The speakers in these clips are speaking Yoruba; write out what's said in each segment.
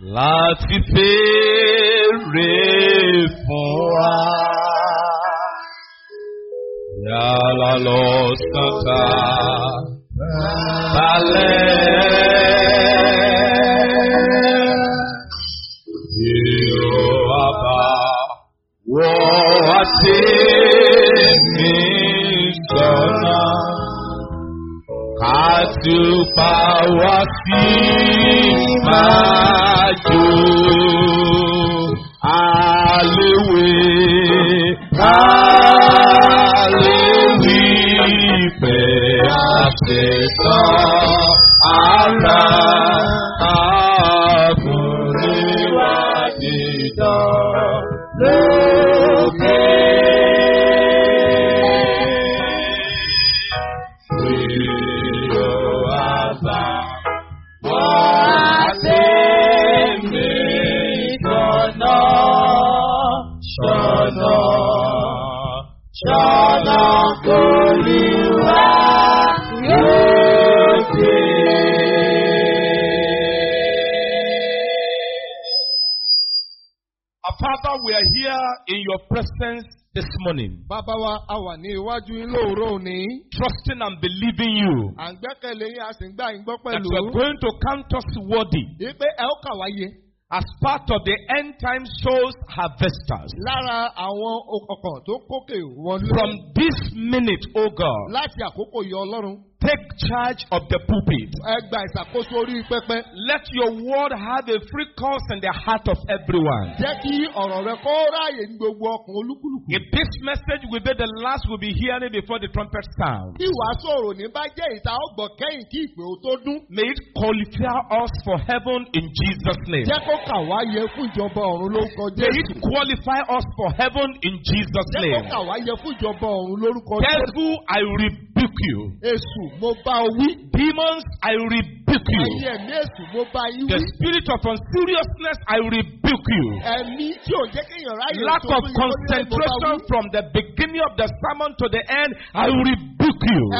láti fèrè fún wa. Yàrá lọ sọ́kà balẹ̀. to power síwájú. Àléwé àléwí pẹ̀ àtẹ̀tọ́ morning. Bàbá wa a wà ní iwájú yín lóòrò òní. Trusting and believing you. À ń gbẹ́kẹ̀lé yín a sì ń gbà yín gbọ́ pẹ̀lú. That you are going to count us worthy. ẹ ó kà wáyé. As part of the end time souls harvesters. Lára àwọn ọkọ̀ tó kókè wọlé. From this minute, O oh God. Láti àkókò yọ Ọlọ́run. Take charge of the pulpit. Ẹ ìṣàkóso orí pẹpẹ. Let your word have a free course in the heart of everyone. Jẹ́ kí ọ̀rọ̀ rẹ kó ráàyè ní gbogbo ọkàn olúkúlùkù. If this message will be the last we'll be hearing before the trumpet sound. Bí wàá sọ̀rọ̀ ní bá jẹ́ ìta ọgbọ̀n kẹ́yìn kí ìpè ó tó dún. May it qualify us for heaven in Jesus' name. Jẹ́ kó kà wá yẹ fún ìjọba ọ̀run ló kọjá. May it qualify us for heaven in Jesus' name. Devil, I rebuke you. Demons, I rebuke you. The spirit of unseriousness, I rebuke you. Lack of concentration from the beginning of the sermon to the end, I rebuke you.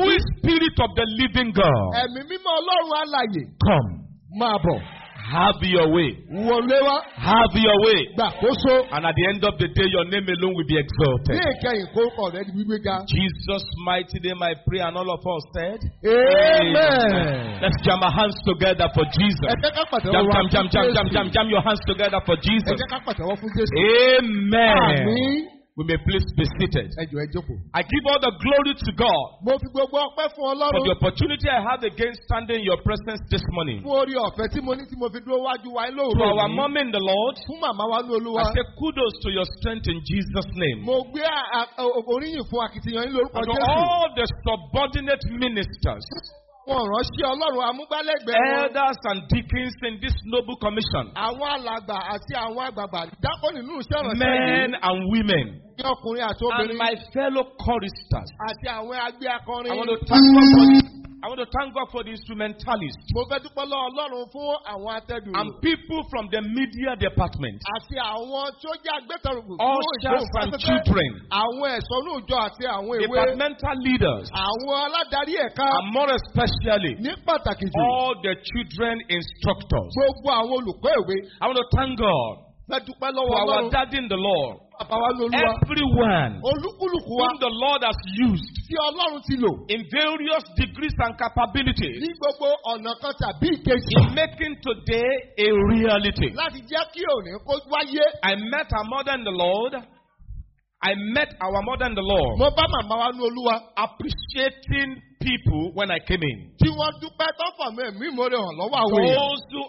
Sweet spirit of the living God, come. marble. Have your way. Have your way. And at the end of the day, your name alone will be exalted. Jesus' mighty name, I pray, and all of us said, Amen. Let's jam our hands together for Jesus. Jam, jam, jam, jam, jam, jam, jam your hands together for Jesus. Amen. Amen. We may please be seated. I give all the glory to God for the opportunity I have again standing in your presence this morning. To our mom in the Lord, I say kudos to your strength in Jesus' name. And to all the subordinate ministers. àwọn ìránṣẹ́ ọlọ́run amúgbálẹ́gbẹ̀ẹ́ elders and deacons in this noble commission. àwọn alàgbà àti àwọn àgbààgbà dákọ́ nínú iṣẹ́ ìránṣẹ́ yìí. men and women. ní ọkùnrin àti obìnrin. and my fellow choristers. àti àwọn agbé akọrin. I want to thank God you. I want to thank God for the instrumentalists. Mo fẹ́ dúpẹ́ lọ Ọlọ́run fún àwọn atẹ́dùn. And people from the media department. Àti àwọn tí ó jẹ́ agbẹ́tẹ̀rù. Ushers and children. Àwọn ẹ̀sọ́ ní òjò àti àwọn ìwé. Departmental leaders. Àwọn aládarí ẹ̀ka. And more especially. Ní pàtàkì jù. All the children instructors. Gbogbo àwọn olùkọ́ ìwé. I want to thank God. Fẹ́ dúpẹ́ lọ́wọ́ Ọlọ́run. For our daddy in the Lord everyone. whom the lord has used. in various degrees and capabilities. in making today a reality. I met our mother in the lord. I met our mother in the Lord. Appreciating people when I came in. Those who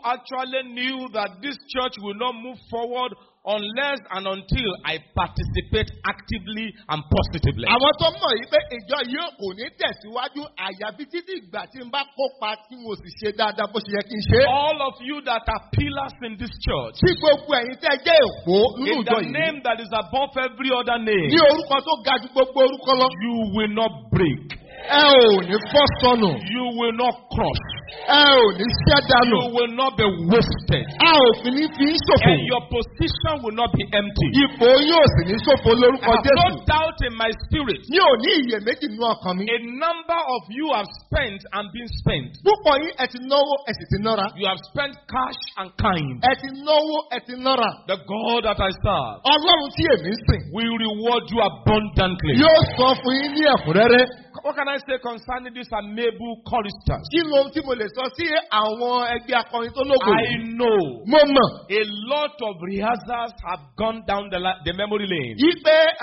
actually knew that this church will not move forward unless and until I participate actively and positively. Àwọn tó mọ̀ yìí pé ìjọ yóò kò ní tẹ̀síwájú àyàfi títí ìgbà tí n bá kópa tí mo sì ṣe dáadáa bó ṣe yẹ kí n ṣe. All of you that are pillars in this church. Tí gbogbo ẹ̀yin tẹ́ jẹ́ èkó nínú ìjọ yìí. In the name that is above every other name. Ní orúkọ tó ga ju gbogbo orúkọ lọ. You will not break. Ẹ ò ní fọ́ sọnù. You will not cross. Ẹ ò ní ṣẹ́ dànù. You will not be wasted. A ò fi ní fi ń ṣòfò. And your position will not be empty. Ipò yóò sì ní ṣòfò lórúkọ Jésù. I have no doubt in my spirit. Mi ò ní iyèméjì nínú ọkàn mi. A number of you have spent and been spent. Púpọ̀ yín ẹ ti náwó ẹ sì ti nára. You have spent cash and kind. Ẹ ti náwó ẹ ti nára. The God that I serve. Ọlọ́run tí èmi ń sìn. Will reward you abundantly. Yóò sọ fún yín ní ẹ̀kúnrẹ́rẹ́ what can I say concerning this amiable choristers? Kí ló tí mo lè sọ sí àwọn ẹgbẹ́ akọrin tó lógo? I know. Mo mọ̀. A lot of rehearsals have gone down the, the memory lane. Yí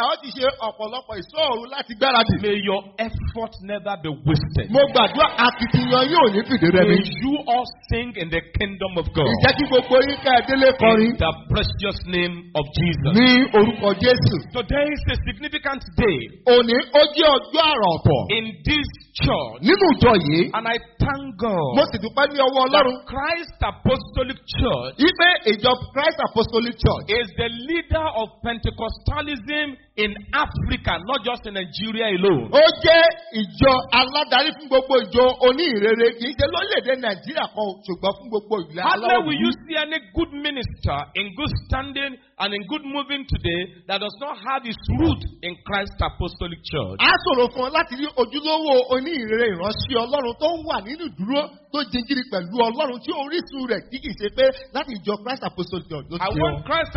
àwọn ti ṣe ọ̀pọ̀lọpọ̀ ìṣòro láti gbáradì. May your effort never be wasted. Mo gbàdúrà akitiyan yóò ní fìdí rẹ mi. May you all sing in the kingdom of God. Ìjẹ́ kí gbogbo yín ká délé kọrin. In the precious name of Jesus. Ní orúkọ Jésù. Today is a significant day. Òní ó jẹ́ ọjọ́ àrà ọ̀tọ̀ in this church. nínú ìjọ yìí. and I thank God. mo sì dúpẹ́ ní ọwọ́ ọlọ́run. the Christ apostolic church. ipe ìjọ Christ apostolic church. is the leader of Pentecostalism in Africa not just in Nigeria alone. ó jẹ́ ìjọ aládarí fún gbogbo ìjọ oníhìnrere kì í ṣe lórílẹ̀ Nigeria. Nàìjíríà kan ṣùgbọ́n fún gbogbo ìlú aláwọ̀ yìí. How will you see any good minister in good standing and in good moving today that does not have his root in Christ apostolic church? A sọ̀rọ̀ fún ọ láti rí ojúlówó oníhìnrere ìránṣẹ́ ọlọ́run tó wà nínú ìdúró tó jẹjìrì pẹ̀lú ọlọ́run tí orísun rẹ̀ kì í ṣe pé láti ìjọ Christ Apostolic Church ló ti ọ. I want Christ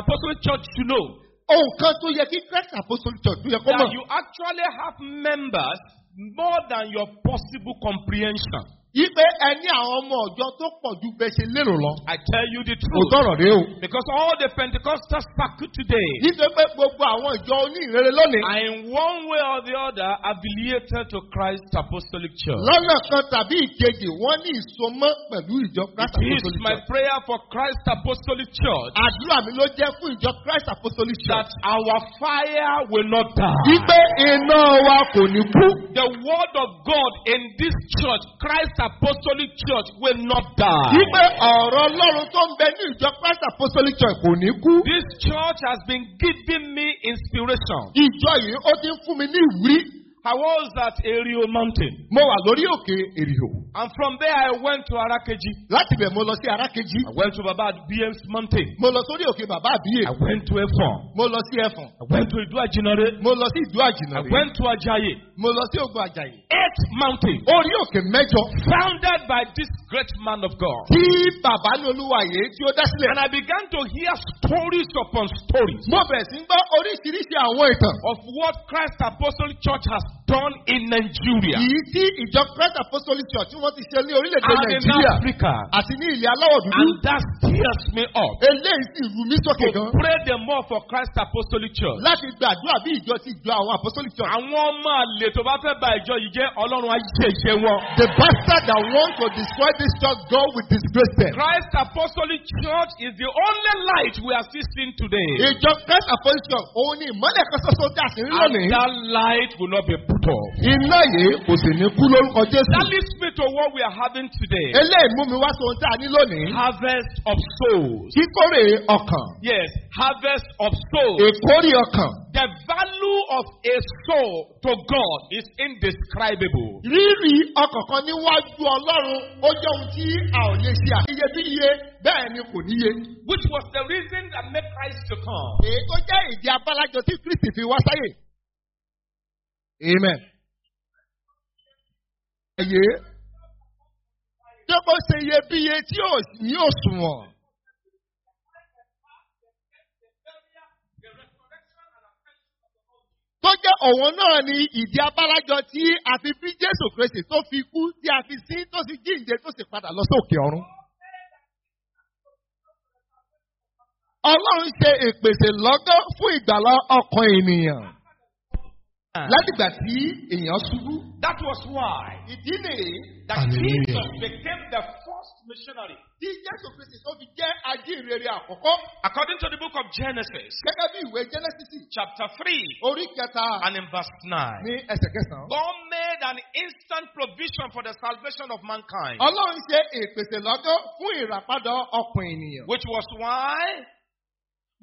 Apostolic Church to know. Ohun kan tó yẹ kí Christ Apostolic Church tó yẹ kó mọ̀. That you actually have members more than your possible comprehension. yí pé ẹ ní àwọn ọmọ ọjọ́ tó pọ̀ ju bẹ́ẹ̀ ṣe lérò lọ. I tell you the truth. Òótọ́ rẹ o. Because all the Pentecostal circle today. Nítorí pé gbogbo àwọn ìjọ oníhìnrere lónìí. Are in one way or the other affiliated to Christ Apostolic Church. Lọ́nà kan tàbí ìkejì wọ́n ní ìsomọ́ pẹ̀lú ìjọ Christ Apostolic Church. It is my prayer for Christ Apostolic Church. Àdúrà mi ló jẹ́ fún ìjọ Christ Apostolic Church. That our fire will not die. Wípé iná wa kò ní kú. The word of God in this church Christ apostolic church will not die. Wípé ọ̀rọ̀ Ọlọ́run tó ń bẹ ní ìjọ Christ apostolic church kò ní kú. This church has been giving me inspiration. Ìjọ yìí ó ti ń fún mi ní ìwúrí. I was at Erio Mountain. Mo wà lórí òkè Erio. And from there I went to Arakeji. Láti bẹ̀ mo lọ sí Arakeji. I went to Baba BM's Mountain. Mo lọ sórí òkè Baba Abiye. I went to Efon. Mo lọ sí Efon. I went to Idu Ajinare. Mo lọ sí Idu Ajinare. I went to Ajayi. Mo lọ sí Ogun Ajayi. Eight mountain. Orí òkè mẹ́jọ. Founded by this great man of God. Tí bàbá ní olúwa yìí tí ó dá sílẹ̀. And I began to hear stories upon stories. Mo bẹ̀rẹ̀ sí gbọ́ oríṣiríṣi àwọn ìtàn. Of what Christ Apostolic Church has done in Nigeria. Yìí tí ìjọ Christ Apostolic Church tí wọ́n ti ṣe ní orílẹ̀-èdè And in Africa. Àti ní ilẹ̀ aláwọ̀ dúdú. And that tears me up. Eléyìí sì rú mi sókè gan. To pray the more for Christ Apostolic Church. Láti gbàdúrà bí ìjọ ti jọ àwọn Apostolic Church. Àwọn ọmọ àlè tó bá fẹ́ ba ìjọ yìí jẹ́ Ọlọ́run ayé ìṣe wọn. The bastard that wants to destroy this church God will disgrace them. Christ Apostolic Church is the only light we are still seeing today. Ìjọ Christ Apostolic Church òun ni ìmọ́lẹ̀ kan ṣoṣo dà lónìí. And that light will not be bútọ̀. Iná yìí kò sì ní kú lórúkọ Jésù. That leads me to what we are having today. Eléyìí mú mi wá sọ ohun tí a ní lónìí. Harvest of souls. Kíkórè ọkàn. Yes, harvest of souls. Èkórè ọkàn. The value of a soul to God is indescribable. Rírì ọkàn kan níwájú Ọlọ́run ó jẹ́ ohun tí a ò lè ṣe àfiyebíye bẹ́ẹ̀ ni kò níye. Which was the reason that made Christ to come. Èyí tó jẹ́ ìdí abálájọ tí Kristi fi wá sáyè. Amen. Ayé tó bó ṣe iyebíye tí ò ní òṣùwọ̀n. Tó jẹ́ òun náà ni ìdí abálájọ tí a fi bí Jésù Kristi tó fi kú tí a fi sí tó sì jíǹde tó sì padà lọ sókè ọ̀run. Ọlọ́run ṣe ìpèsè lọ́gán fún ìgbàlá ọkàn ènìyàn. Ah. Látìgbà tí èèyàn ṣubú. That was why ìdí nìyí that Jesus became the first missionary. Bí Jésù Kristi tó fi jẹ́ ajínrere àkọ́kọ́. According to the book of Genesis. Gẹ́gẹ́ bí ìwé Genesis. Chapter three. Orí kẹta. And in verse nine. Ní ẹsẹ̀ kẹsàn-án. God made an instant provision for the salvation of mankind. Ọlọ́run ṣe ìpèsè lọ́dọ̀ fún ìràpadà ọkùnrin ènìyàn. Which was why.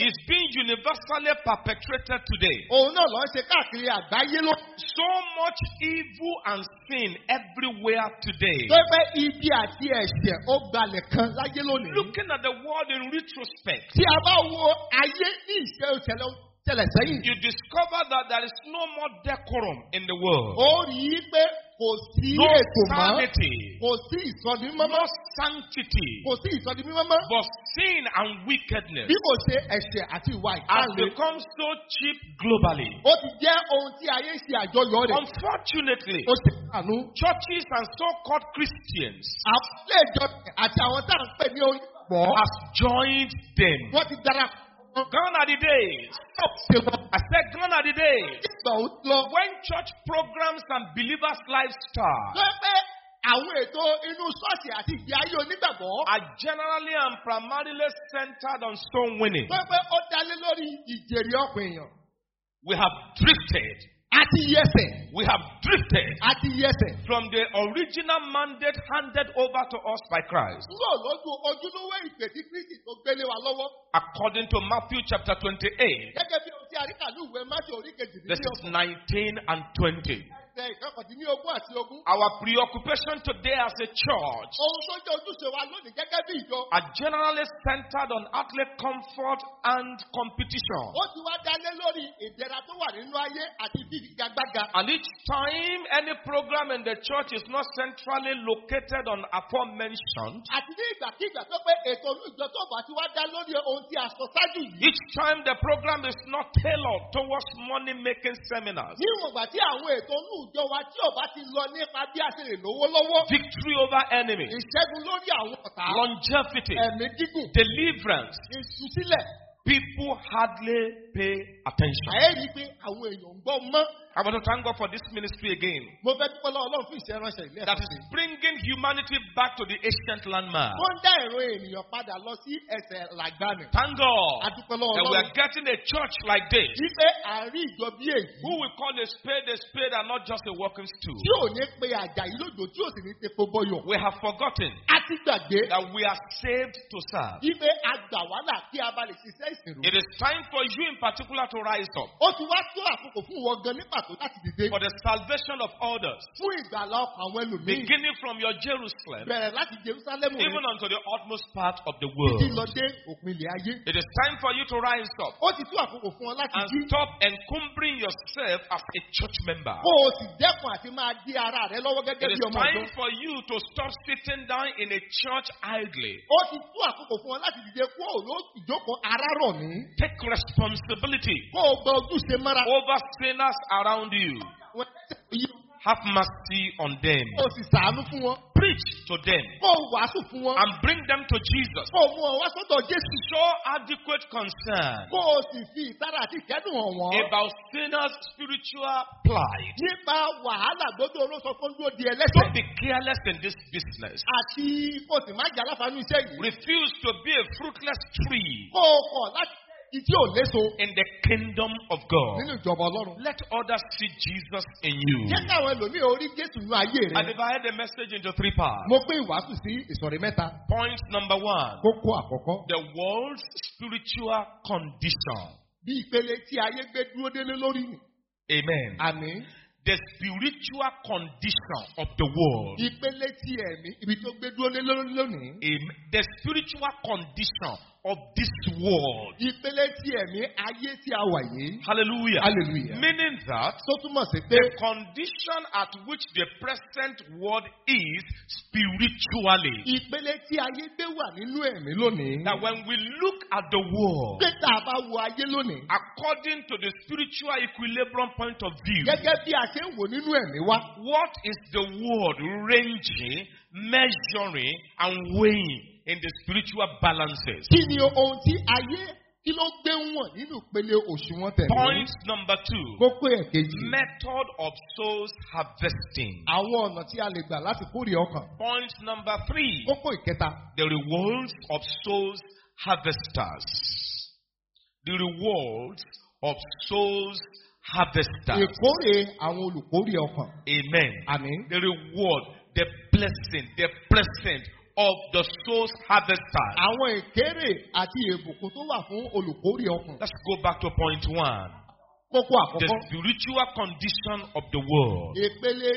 is being universally perpetrated today. Òun náà So much evil and sin everywhere today. Looking at the world in retrospect. You discover that there is no more decorum in the world. Kò sí ètò mọ́. Kò sí ìsọdi mímọ́. sanctity. Kò sí ìsọdi mímọ́. But sin and wickedness. Bí kò ṣe ẹ̀ṣẹ̀ àti ìwà ìkàlẹ̀. Has become so cheap globally. Ó ti jẹ́ ohun tí ayé ṣe àjọyọ̀ rẹ̀. Unfortunately. Ó ṣe àánú. Churches and so-called Christians. Àwọn ilé àti àwọn tá à ń pè ní oyin. Has joined them. Wọ́n ti darapọ̀. Gone are the days. I said, gone are the days. When church programs and believers' lives start. Àwọn ètò inú ṣọ́ọ̀ṣì àti ìgbé ayé onígbàgbọ́. Are generally and primarily centered on stone winning. ó dalé lórí ìjèrè ọ̀pọ̀ èèyàn. We have drifted we have drifted from the original mandate handed over to us by Christ. According to Matthew chapter 28, verses 19 and 20. Our preoccupation today as a church are generally centered on athlete comfort and competition. And each time any program in the church is not centrally located on aforementioned, each time the program is not tailored towards money making seminars. Victory over enemies. Longevity. Deliverance. People hardly pay attention. I want to thank God for this ministry again. That is bringing humanity back to the ancient landmark. Thank God that we are getting a church like this who will call a spade a spade and not just a walking stool. We have forgotten that we are saved to serve. It is time for you in particular to rise up. Ó ti wá tó àkókò fún wọn gan ní pàtó láti dìde. For the salvation of others. Fún ìgbàlá ọkàn àwọn ẹlòmíì. Beginning from your Jerusalem. Bẹ̀rẹ̀ láti Jerusalem Even unto the utmost part of the world. Títí lọ dé òpin ilẹ̀ ayé. It is time for you to rise up. Ó ti tó àkókò fún ọ láti jí. And stop encumbering yourself as a church member. Kó o sì dẹ́kun àti máa dí ara rẹ lọ́wọ́ gẹ́gẹ́ bí ọmọ ọ̀dọ́. It is time for you to stop sitting down in a church idly. Ó ti tó àkókò fún ọ láti dìde kúrò lóòótọ́ ìjókòó arárọ̀ ní. Take responsibility. responsibility over sinners around you. Have mercy on them. Preach to them and bring them to Jesus. Show adequate concern about sinners' spiritual plight. Don't be careless in this business. Refuse to be a fruitless tree. In the kingdom of God, let others see Jesus in you. I divided the message into three parts. Point number one the world's spiritual condition. Amen. Amen the spiritual condition of the world. The spiritual condition of this world. Hallelujah. Hallelujah. Meaning that so the condition at which the present world is spiritually. That when we look at the world according to the spiritual equilibrium point of view, what is the world ranging, measuring, and weighing? in the spiritual balances. Kí ni ohun tí ayé kí ló gbé wọn nínú ìpele òṣùwọ̀n tẹ̀lé? Point number two. Kókó Method of souls harvesting. Àwọn ọ̀nà tí a lè gbà láti kórè ọkàn. Point number three. Kókó ìkẹta. The rewards of souls harvesters. The rewards of souls harvesters. Ìkórè àwọn olùkórè ọkàn. Amen. The reward, the blessing, the present of the soul's harvest Àwọn ìkérè àti ìbùkún tó wà fún olùkórè ọkàn. Let's go back to point one. Kókó àkọ́kọ́. The spiritual condition of the world. Ìpele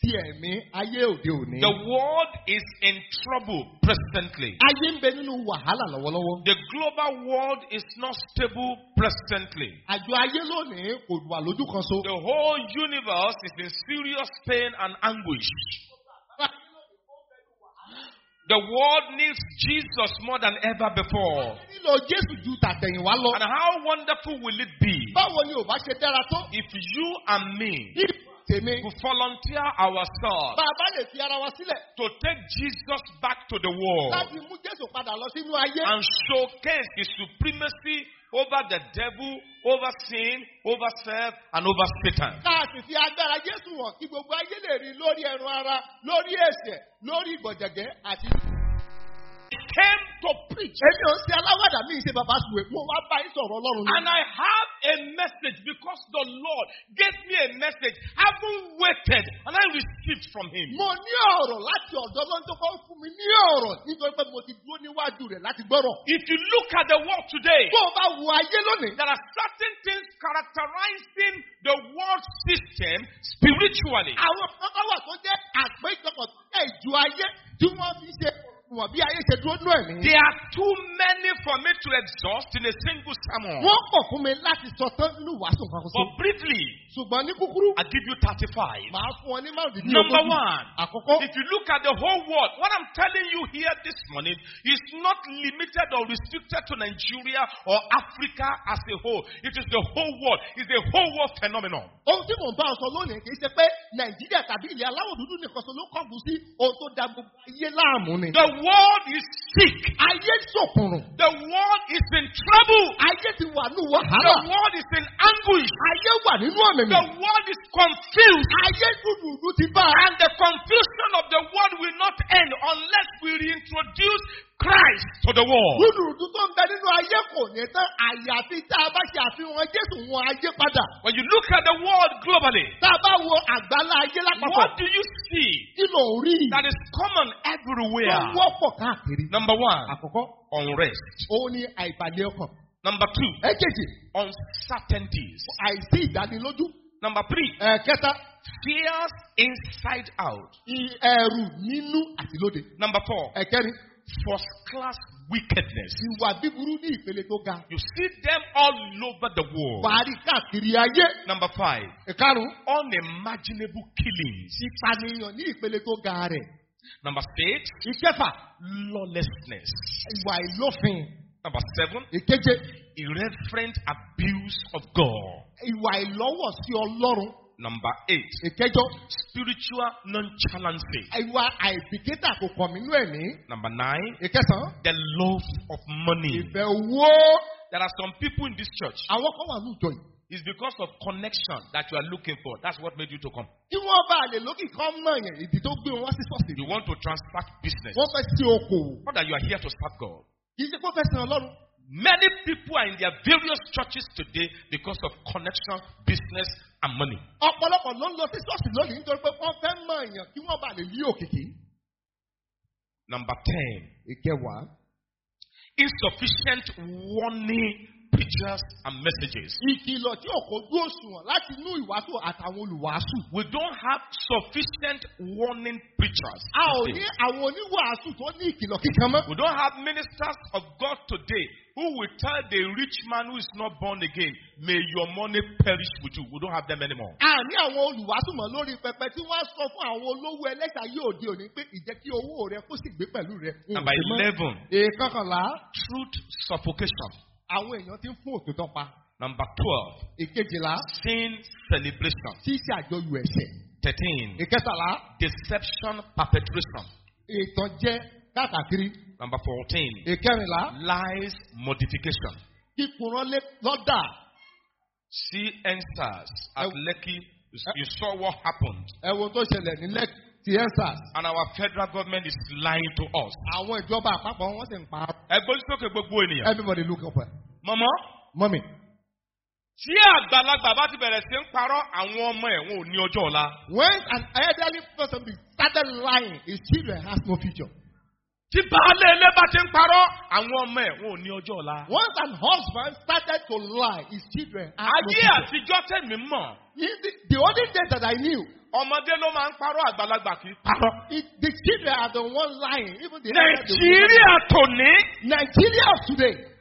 ti ẹ̀mí ayé òde òní. The world is in trouble presently. Ayé ń bẹ nínú wàhálà lọ́wọ́lọ́wọ́. The global world is not stable presently. Àjọ ayé lónìí kò wà lójú kan so. The whole universe is in serious pain and anguish. The world needs Jesus more than ever before. And how wonderful will it be if you and me to volunteer ourselves. to take Jesus back to the world. and showcase the supremacy over the devil, over sin, over self, and over Satan came to preach. Èmi ò ṣe aláwàdà mi ṣe bàbá sùwé. Mo wá bá ìsọ̀rọ̀ Ọlọ́run ni. And I have a message because the Lord gave me a message. I've Having waited and I received from him. Mo ní ọ̀rọ̀ láti ọ̀dọ̀ lọ́n tó fún mi ní ọ̀rọ̀ nítorí pé mo ti dúró níwájú rẹ̀ láti gbọ́rọ̀. If you look at the world today. Tó o bá wo ayé lónìí. There are certain things characterizing the world system spiritually. Àwọn kan wà tó jẹ́ àpéjọpọ̀ tó jẹ́ ìjọ ayé tí wọ́n fi ṣe There are too many for me to exhaust in a single sermon. But briefly, I give you thirty 35. Number one, if you look at the whole world, what I'm telling you here this morning is not limited or restricted to Nigeria or Africa as a whole. It is the whole world. It's a whole world phenomenon. Ohun tí mò ń bá ọ sọ lónìí kì í ṣe pé Nàìjíríà tàbí ilẹ̀ aláwọ̀ dúdú nìkan ṣo ló kọ̀ọ̀gùn sí ohun tó da gbogbo ayé láàmú ni. world is sick. Ayé sòkùnrùn. The world is in trouble. Ayé ti The world is in anguish. Ayé wà The world is confused. Ayé dúdúdú ti bá. And the confusion of the world will not end unless we reintroduce Christ to the world ayé kò ní tán tá a bá ṣe àfihàn Jésù wọn ayé padà. When you look at the world globally. Tá a bá wo àgbálá ayé lápapọ̀. What do you see? Kí ló ń rí? That is common everywhere. Tó wọ́pọ̀ káàkiri. Number one. Àkọ́kọ́. Unrest. Ó ní àìbàlẹ̀ ọkàn. Number two. Èkejì. Uncertainties. Àìsí ìdánilójú. Number three. Ẹ̀kẹta. Fears inside out. Ẹ̀rù nínú àti lóde. Number four. Ẹ̀kẹrin. First class wickedness. Ìwà bíburú ní ìpele tó ga. You see them all over the world. Wàhálì káàkiri ayé. Number five. Ìkarùn. Unimaginable killings. Ìpànìyàn ní ìpele tó ga rẹ̀. Number six. Ìkẹfà. Lawlessness. Ìwà ìlófin. Number seven. Ìkeje. Irreverent abuse of God. Ìwà ìlọ́wọ̀ sí Ọlọ́run. Number eight. Spiritual nonchalancy. Ìwà Number nine. Ìkẹsàn. The love of money. Ìfẹ́ There are some people in this church. Àwọn It's because of connection that you are looking for. That's what made you to come. You want to transact business. Not that you are here to serve God. Many people are in their various churches today because of connection, business, and money. number ten. insufficient warning preachers and messages. we don't have sufficient warning preachers. we don't have ministers of God today who will tell the rich man who is not born again, may your money perish with you. We don't have them anymore. Àní ah, àwọn olùwàsùnmọ̀ lórí pẹpẹ tí wọ́n sọ fún àwọn olówó ẹlẹ́sà yóò di òní pé ìjẹ́ kí owó rẹ kó sì gbé pẹ̀lú rẹ. Number eleven. Èkọkànlá. Truth suffocation. Àwọn èèyàn ti ń fún òtítọ́ pa. Number twelve. Èkejìlá. Sin celebration. Ṣíṣe àjọyọ̀ ẹ̀ṣẹ̀. Thirteen. Ìkẹtàlá. Deception perpetration. Ìtànjẹ káàkiri. Number 14. Ìkẹrìnlá. Lies modification. Kíkùrán lọ́dà. See answers. at Lekki. You saw what happened. Ẹ̀wọ̀n tó ṣẹlẹ̀ ní Lekki And our federal government is lying to us. Àwọn ìjọba àpapọ̀ Everybody look up. Mama, mommy. Tí àgbàlagbà bá ti bẹ̀rẹ̀ sí ń parọ́, àwọn ọmọ ẹ̀ wọn ò ní ọjọ́ ọ̀la. When an elderly person be started lying, his children has no future. Tí baálé ilé bá ti ń parọ́, àwọn ọmọ ẹ̀ wọn ò ní ọjọ́ ọ̀la. Once an husband started to lie, his children. Ayé àtijọ́ tẹ̀mí mọ̀. The only thing that I knew. Ọmọdé ló máa ń parọ́ àgbàlagbà kì í parọ́. The children are the ones lying. Even the Nàìjíríà tòní. Nigeria today.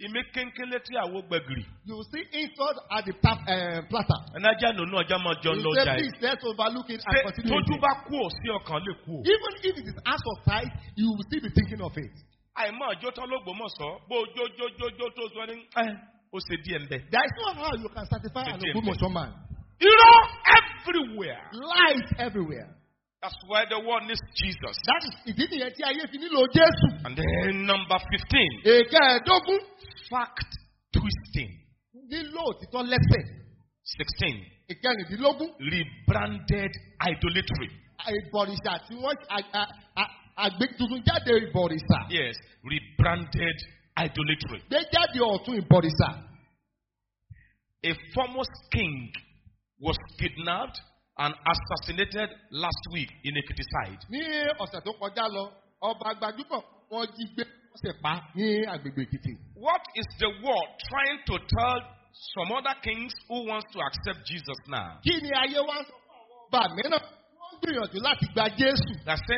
Ime kéńkélé tí àwo gbẹ̀gìrì. You see insult at the pap, uh, eh, platter. Ẹnájà nínú ọjà máa jọ lọ jà yìí. You say please let's overlook it and continue. Tójú bá kú ò sí ọkàn lè kú ò. Even if it is out of sight, you will still be thinking of it. Àìmọ̀ ọjọ́ tán ló gbòmọ̀ sọ, bó ojójójójó tó sọ ní eh, ó ṣe díẹ̀ ń bẹ̀. There is no how you can certify an Ogbomoso man. Irọ́ everywhere. Lies everywhere. That's why the world needs Jesus. That is ìdí nìyẹn tí ayé fi nílò Jésù. And then number fifteen. Èkẹ́ẹ̀dógún. fact twisting. Lílo òtítọ́ lẹ́sẹ̀. Sixteen. logo. Rebranded idolatry. Ìbọ̀rìṣà tí wọ́n àgbétuntun jáde ìbọ̀rìṣà. Yes, rebranded idolatry. Gbé jáde ọ̀tún ìbọ̀rìṣà. A famous king was kidnapped and assassinated last week in a side. Ní ọ̀sẹ̀ tó kọjá lọ, ọba gbajúmọ̀ wọ́n jí gbé. What is the world trying to tell some other kings who wants to accept Jesus now? They're saying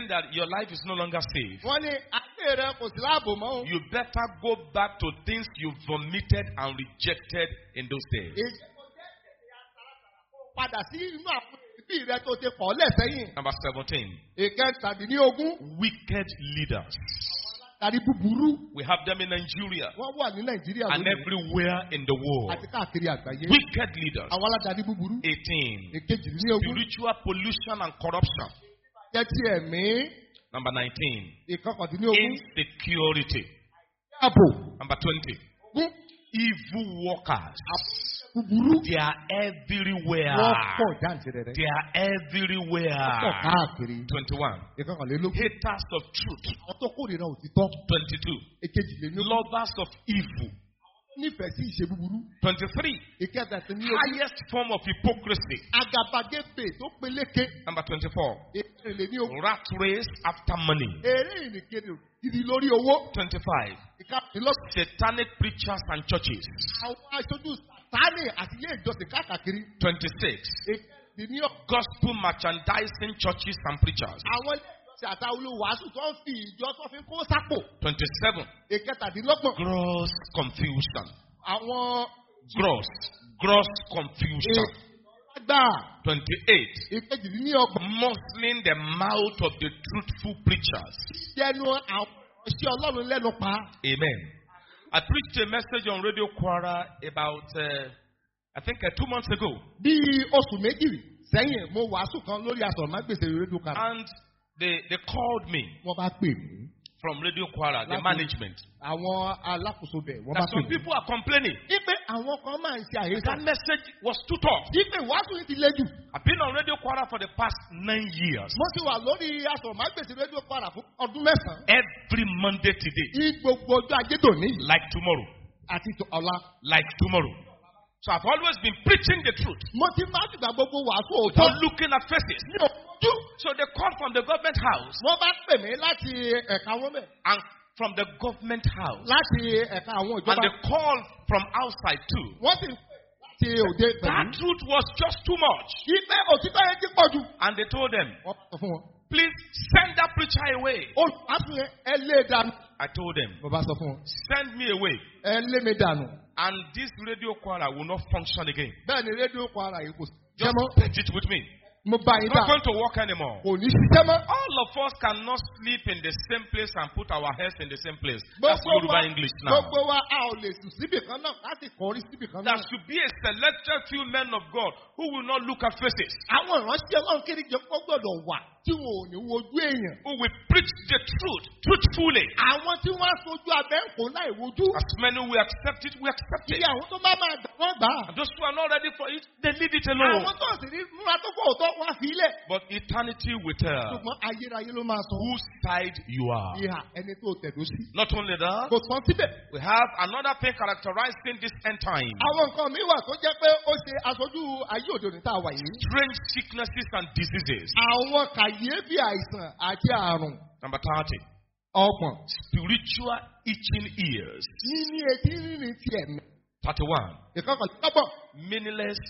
that your life is no longer safe. You better go back to things you vomited and rejected in those days. Number 17. Wicked leaders. We have them in Nigeria and everywhere in the world. Wicked leaders. 18. Spiritual pollution and corruption. Number 19. Insecurity. Number 20. Evil workers. búburú. They are everywhere. Wọ́n pọ̀ rẹ̀. They are everywhere. Wọ́n káàkiri. twenty-one. Ìkọkànlélógún. Haters of truth. Àwọn tó kórìíra òtítọ́. twenty-two. Èkejìlélógún. Lovers of evil. Nífẹ̀ẹ́ sí ìṣe búburú. twenty-three. Ìkẹta sí ní. Highest form of hypocrisy. Àgàbàgebè tó peléke. Number twenty-four. Èrèlélógún. Rat race after money. Èrè ìrìnkèrè ìdí lórí owó. twenty-five. Ìkàtúndínlọ́sẹ̀. Satanic preachers and churches. Àwọn aṣojú 26. The new Gospel merchandising churches and preachers. 27. Gross confusion. Gross. Gross confusion. 28. Muzzling the mouth of the truthful preachers. Amen. I preached a message on Radio Kwara about, uh, I think, uh, two months ago. Bí oṣù méjì sẹ́yìn, mo wàásù kan lórí àsọ̀rọ̀mágbèsè rédíò kan. And they, they called me. Wọ́n bá pè mí from Radio Kwara, the management. Àwọn alákòóso bẹ̀ wọ́n bá That some people are complaining. Ipe àwọn kan máa ń ṣe àyíká. That message was too tough. Ipe wàásù yìí ti le jù. I've been on Radio Kwara for the past nine years. Mo ti wà lórí asọ̀mágbèsì Radio Kwara fún ọdún mẹ́sàn-án. Every Monday today. Ní gbogbo ọjọ́ ajé tòní. Like tomorrow. Àti ọ̀la. Like tomorrow. So I've always been preaching the truth. Not looking at faces. So they called from the government house. And from the government house. And they called from outside too. That truth was just too much. And they told them, please send that preacher away. I told them, mo sọ fún wọn. Send me away. Ẹ lé mi dànù. And this radio choir will not function again. Bẹ́ẹ̀ni rédíò choir yìí kò Just pledge it with me. Mo bá yín bá. Not going to work anymore. Kò ní ṣiṣẹ́ mọ́. All of us cannot sleep in the same place and put our heads in the same place. That's Yoruba English now. Gbogbo wa a ò lè sùn síbì kan náà, a kọrí síbì kan náà. There should be a selected few men of God who will not look at faces. Àwọn ìránṣẹ́ Ọlọ́run kéde jẹ́ gbọ́dọ̀ wà tí wọn ò ní wojú èèyàn. who will preach the truth truthfully. àwọn tí wọ́n sojú abẹ́ ń kó láì wojú. as many we accept it we accept it. iye àwọn tó bá máa gbà wọ́n gbà. and those who are not ready for it they leave it alone. àwọn tó sì rí múra tó kọ̀ ọ̀tọ̀ wá fi ilẹ̀. but eternity will tell. ṣùgbọ́n ayérayé ló máa sọ. whose side you are. ìhà ẹni tó tẹ̀dó sí. not only that. kò sọ síbẹ̀. we have another thing characterizing this end time. àwọn nǹkan mi wà tó jẹ́ pé ó ṣe aṣojú ayé òde òní tá a wà yìí. strange sicknesses and diseases. àwọn kàyé. ààyè bí àìsàn àti àrùn. number thirty. ọgbọ̀n. spiritual itching ears. níní etí rírì ti ẹ̀mí. thirty-one. ìkọkànlélọ́gbọ̀n. meaningless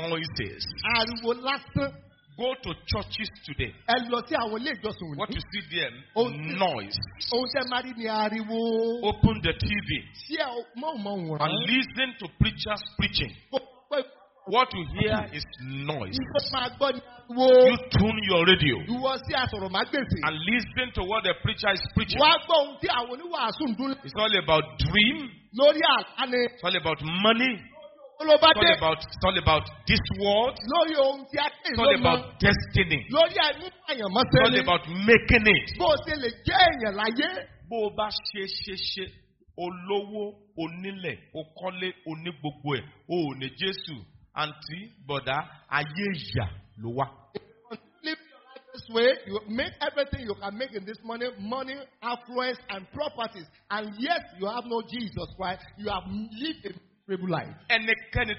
noises. ariwo lásán. Go to churches today. Ẹ lọ sí àwọn ilé ìjọsìn òní. What you see there oh, noise. Ohun tẹ́ máa rí ni ariwo. Open the TV. Ṣé mọ̀ mọ̀ wọ̀n? And lis ten to preachers preaching. What you hear is noise. You tune your radio and listen to what the preacher is preaching. It's all about dream. It's all about money. It's all about, it's all about this world. It's all about destiny. It's all about making it. Bó o bá ṣe ṣe ṣe olówó onílẹ̀ okọ́lé ẹ̀ o ò ní Jésù auntie, brother, ayeja ló Live your life this way. You make everything you can make in this money, money, affluence, and properties. And yes, you have no Jesus Christ. You have lived a miserable life. Anybody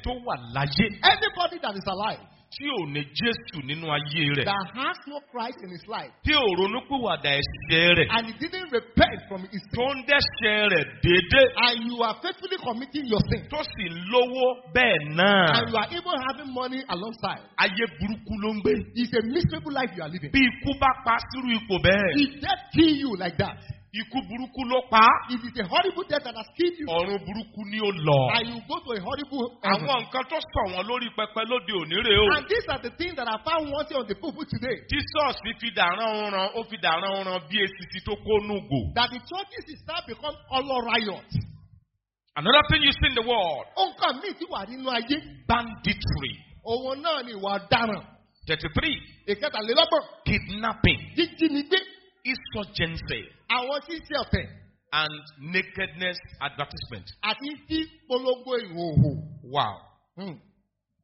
that is alive. tí ò ní Jésù nínú ayé rẹ̀. that has no Christ in his life. tí ò ronúpìwàdà ẹ̀ṣẹ̀ rẹ̀. and he didn't repent from his sin. tó ń dẹ́ṣẹ̀ rẹ̀ déédéé. and you are faithfully committing your sin. tó sì ń lówó bẹ́ẹ̀ náà. and you are even having money alongside. ayé burúkú ló ń gbé. it's a miserable life you are living. bí ikú bá pa sírú ipò bẹ́ẹ̀. if death kill you like that. Ikú burúkú ló pa. It is a horrible death that has killed you. Ọ̀run burúkú ni ó lọ. And you go to a horrible. Àwọn nǹkan tó sọ wọn lórí pẹpẹ lóde òní rè o. And these are the things that I found wanting on the pulpit today. Jesus fi dàrán oran ó fi dàrán oran bí esisi tó kó nùgò. That the churches is now become all riot. Another thing you see in the world. Nǹkan míì ti wà nínú ayé. Banditry. Òun náà ni ìwà ọ̀daràn. Thirty-three. Ìkẹtàlélọ́gbọ̀n. Kidnapping. Jíjínigbé. Insurgency. Àwọn ṣíṣe ọ̀tẹ̀. And nakedness advertisement. Àti sí polongo ìhòòhò. Wow. Hmm.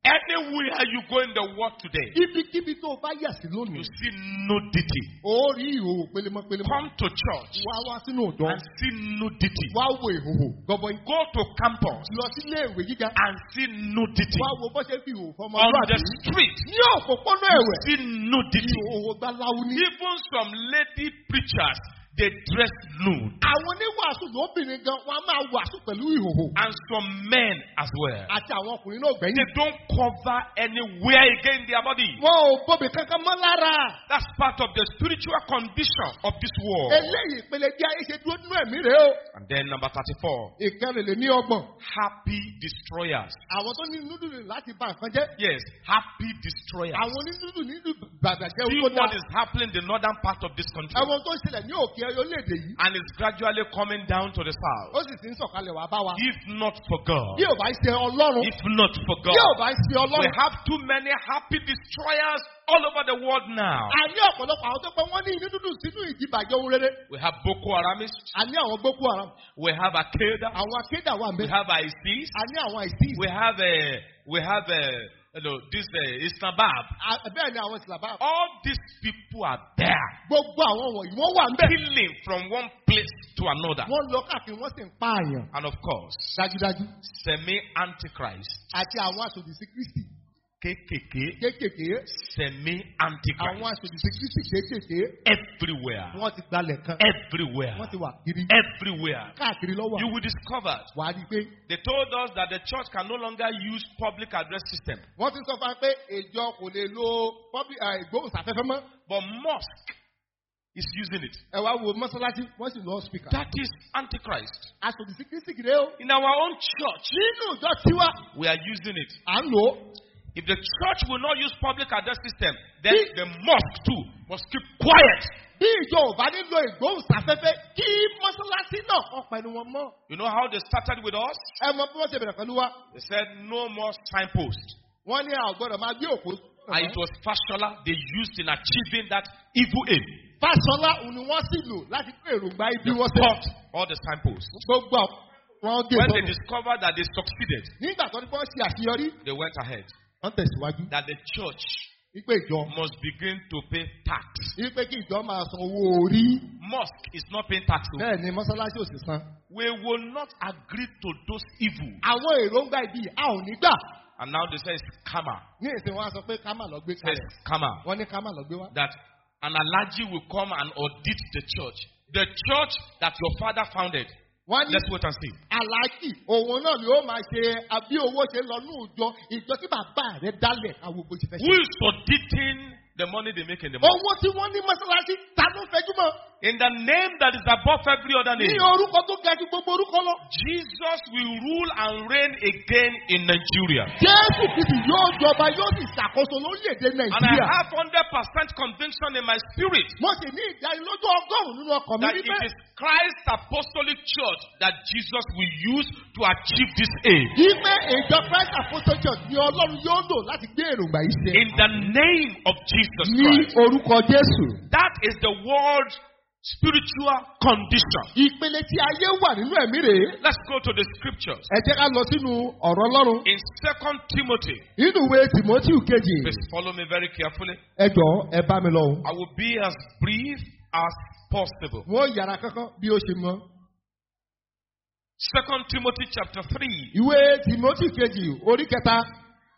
Anywhere you go in the world today, ibikíbi tó o bá you see nudity. O rí ìhòòhò pélémọ́pélémọ́. Come to church. Wá wá sínú ọ̀dọ́. And see nudity. Wá wo ìhòòhò. Gọbọ yìí. Go to campus. Lọ sí ilé ìwé And see nudity. Wá wo bó ṣe fi ìhòòhò fọmọ lọ́wọ́. On the street. Ní òpópónà ẹ̀wẹ̀. You see nudity. Ìhòòhò gbaláwo ni. Even some lady preachers They dress nude. Àwọn oníwàásù lóbìnrin gan wọn a máa wàásù pẹ̀lú ìhòhò. And some men as well. Àti àwọn ọkùnrin náà gbẹ̀yìn. They don't cover anywhere again their body. Wọn ò bòbí kankan mọ́ lára. That's part of the spiritual condition of this world. Eléyìí ìpele jẹ́ ìṣe dúró nínú ẹ̀mí rẹ̀ o. And then number thirty-four. Ìkẹrìnlélẹ́ní ọgbọ̀n. Happy destroyers. Àwọn tó ní núdùlù láti bà nǹkan jẹ́. Yes, happy destroyers. Àwọn onídùúdù nínú bàbà jẹ́ owó See what is happening in the northern part of this country. Àwọn tó ń ṣẹlẹ̀ ní òkè And is gradually coming down to the south. If not for God. If not for God. We have too many happy destroyers all over the world now. We have Boko Haramists. We have Akeda. We have ISIS. We have a, eh, we have a eh, Hello, eh, this uh, eh, Islamabad. Eh, bẹ́ẹ̀ ni àwọn Islamabad. All these people are there. Gbogbo àwọn wọ̀nyí wọ́n wà níbẹ̀. Killing from one place to another. Wọ́n lọ káàkiri wọ́n sì ń pààyàn. And of course. Dájúdájú. Semi Antichrist. Àti àwọn aṣòdì sí Kristi. kéékèèké sẹ̀mí antichrist àwọn everywhere wọ́n ti gbalẹ̀ kan everywhere wọ́n ti wà kiri everywhere káàkiri lọ́wọ́ you will discover wà á pé they told us that the church can no longer use public address system. wọ́n ti sọ fún wa pé ìjọ kò lè lo public mọ́. but mosque is using it. Ẹ wá wo mọ́sálásí wọ́n sì lọ speaker. That is antichrist. Àṣòdìsíkìsì kìrẹ́ o. In our own church. Nínú ìjọ tiwa. We are using it. À ń lò ó. If the church will not use public address system, then the mosque too must keep quiet. You know how they started with us? They said no more signposts. One year àwọn gbọ́dọ̀ máa gbé And it was fasola they used in achieving that evil aim. Fasola òun cut all the signposts. When they discovered that they succeeded. They went ahead. wọ́n tẹ̀síwájú. that the church ipe ìjọ. must begin to pay tax. ipe kí ìjọ máa san owó orí. mosque is not paying tax o. mọ́sálásí ò sì san. we will not agree to those evil. àwọn èròǹgbà ibi a ò ní gbà. and now they say it's kama. ní èsì wọn a sọ pé kama lọ gbé kalẹ̀. says kama. wọ́n ní kama lọ gbé wá. that an allergy will come and audit the church. the church that your father founded wọ́n ní àlàájì òun náà ni ó máa ṣe àbí owó ṣe lọ ní òòjọ́ ìjọ tí bàbá rẹ̀ dálẹ̀ àwọn ògbó fẹ́ ṣe. who is auditing The money they make in the morning. In the name that is above every other name. Jesus will rule and reign again in Nigeria. And I have hundred percent conviction in my spirit. That it is Christ's apostolic church that Jesus will use to achieve this aim. In the name of Jesus. Jesus That is the world spiritual condition. rèé. Let's go to the scriptures. In second Timothy. Timothy Please follow me very carefully. I will be as brief as possible. Second Timothy chapter three.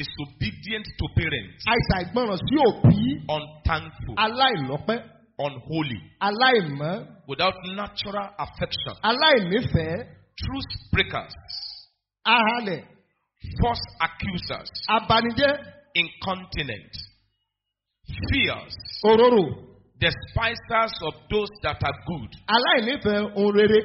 disobedient to parents. àìsàìgbọràn sí òbí. unthankful. aláìlọ́pẹ́. unholy. aláìmọ́. without natural affection. aláìnífẹ̀ẹ́. truth breakers. ahalẹ̀. false accusers. abanijẹ́. incontinent. Fears. òróró. despisers of those that are good. aláìnífẹ̀ẹ́ ohun rere.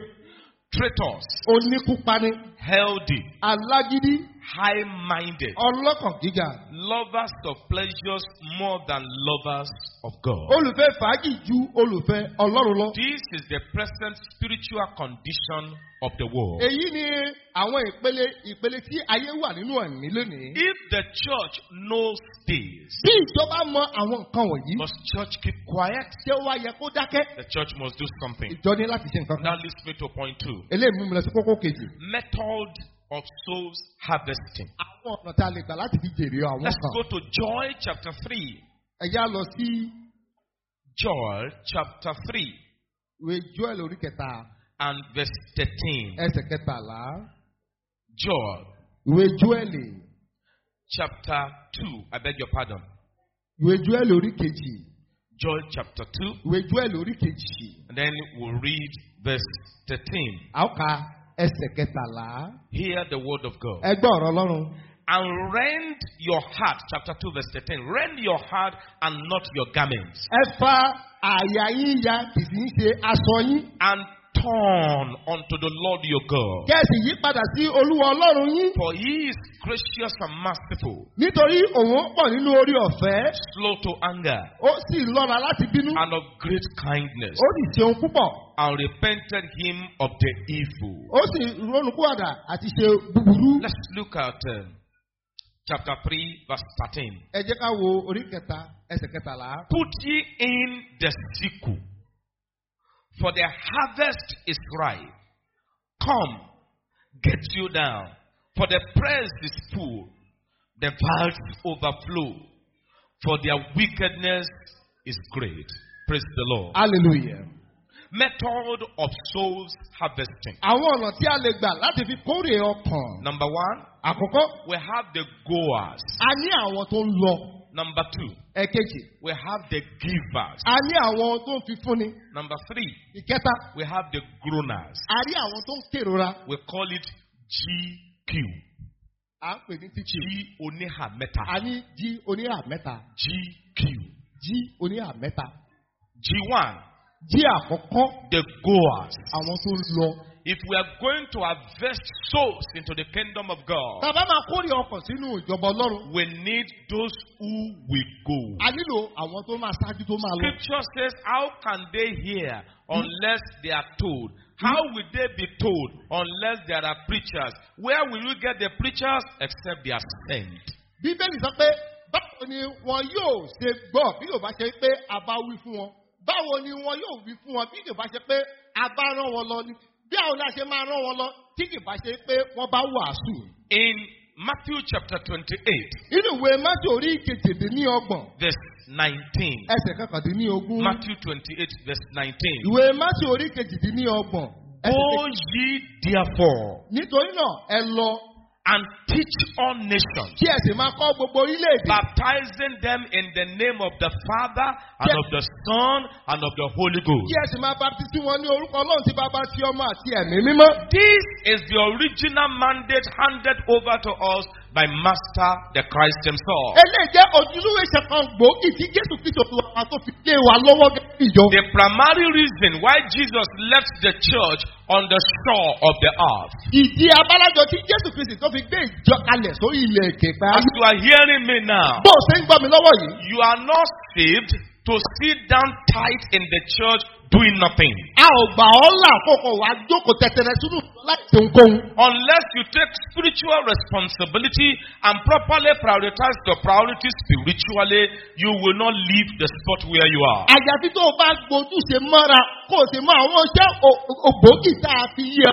traitors. oníkúpani. healthy. alágídí. high minded. ọlọ́kàn gíga. lovers of pleasures more than lovers of God. olùfẹ́ fàájì ju olùfẹ́ ọlọ́run lọ. this is the present spiritual condition of the world. èyí ni àwọn ìpele ìpele tí ayé wà nínú ẹ̀mí lónìí. if the church knows this. bí ìjọba mọ àwọn nǹkan wọ̀nyí. must church keep quiet. ṣé ó wá yẹ kó dákẹ́. the church must do something. ìjọ ní láti ṣe nǹkan now let's ten to point two. eléyìí mú mi lọ sí kókó kejì. method of souls harvesting. Let's go to Joel chapter 3. Joel chapter 3. And verse 13. Joel. Joel, Chapter 2. I beg your pardon. Joel chapter 2. And then we'll read verse 13 ẹsẹ̀ kẹtàlá. hear the word of God. ẹ gbọ́ ọ̀rọ̀ And rend your heart, chapter 2, verse 13. Rend your heart and not your garments. And turn unto the Lord your God. Kẹ́sì yí padà sí Olúwa Ọlọ́run yín. For he is gracious and merciful. Nítorí òun pọ̀ nínú orí ọ̀fẹ́. Slow to anger. Ó sì lọ́ra láti bínú. And of great kindness. Ó sì ṣeun púpọ̀. And repented him of the evil. Ó sì ronúkúwàdà àti ṣe búburú. Let's look at um, chapter three verse thirteen. Ẹ jẹ́ ká wo orí kẹta ẹsẹ̀ kẹtàlá. Put ye in the sickle. for the harvest is ripe. Come, get you down, for the press is full, the vaults overflow, for their wickedness is great. Praise the Lord. Hallelujah. Method of souls harvesting. Number one, we have the goers. Number two. Ẹ̀kejì. We have the givers. A ní àwọn tó ń fi fúnni. Number three. Ìkẹta. We have the groaners. A rí àwọn tó ń kérora. We call it GQ. À ń pè ní TQ. G oníhà mẹ́ta. A ní G oníhà mẹ́ta. GQ. G oníhà mẹ́ta. G one. G àkọ́kọ́. The goers. Àwọn tó ń lọ. if we are going to invest souls into the kingdom of God, we need those who will go. Scripture says, How can they hear unless they are told? How will they be told unless there are preachers? Where will you get the preachers except they are sent? Bí àwọn ọ̀la ṣe máa rán wọn lọ tí kì bá ṣe pé wọ́n bá wàásù. In Matthew chapter twenty-eight. Nínú ìwé Matthew orí kejìdínlọ́gbọ̀n. Verse nineteen. Ẹsẹ̀ kọkàndínlógún. Matthew twenty-eight verse nineteen. Ìwé Matthew orí kejìdínlọ́gbọ̀n. Go ye therefore. Nítorí náà ẹ lọ. and teach all nations. Baptizing them in the name of the Father and of the Son and of the Holy Ghost. This is the original mandate handed over to us by Master the Christ himself. The primary reason why Jesus left the church on the shore of the earth. As you are hearing me now, you are not saved to sit down tight in the church doing nothing. A ò gbà ọ́ là kókò wá jókòó tẹ̀tẹ̀rẹ̀ sínú láti nǹkan. Unless you take spiritual responsibility and properly prioritize the priorities spiritually, you will not leave the spot where you are. Àjàfi tó o bá gbójú ṣe mọ́ra kó o ṣe mọ àwọn iṣẹ́ ògbógi tá a fi yẹ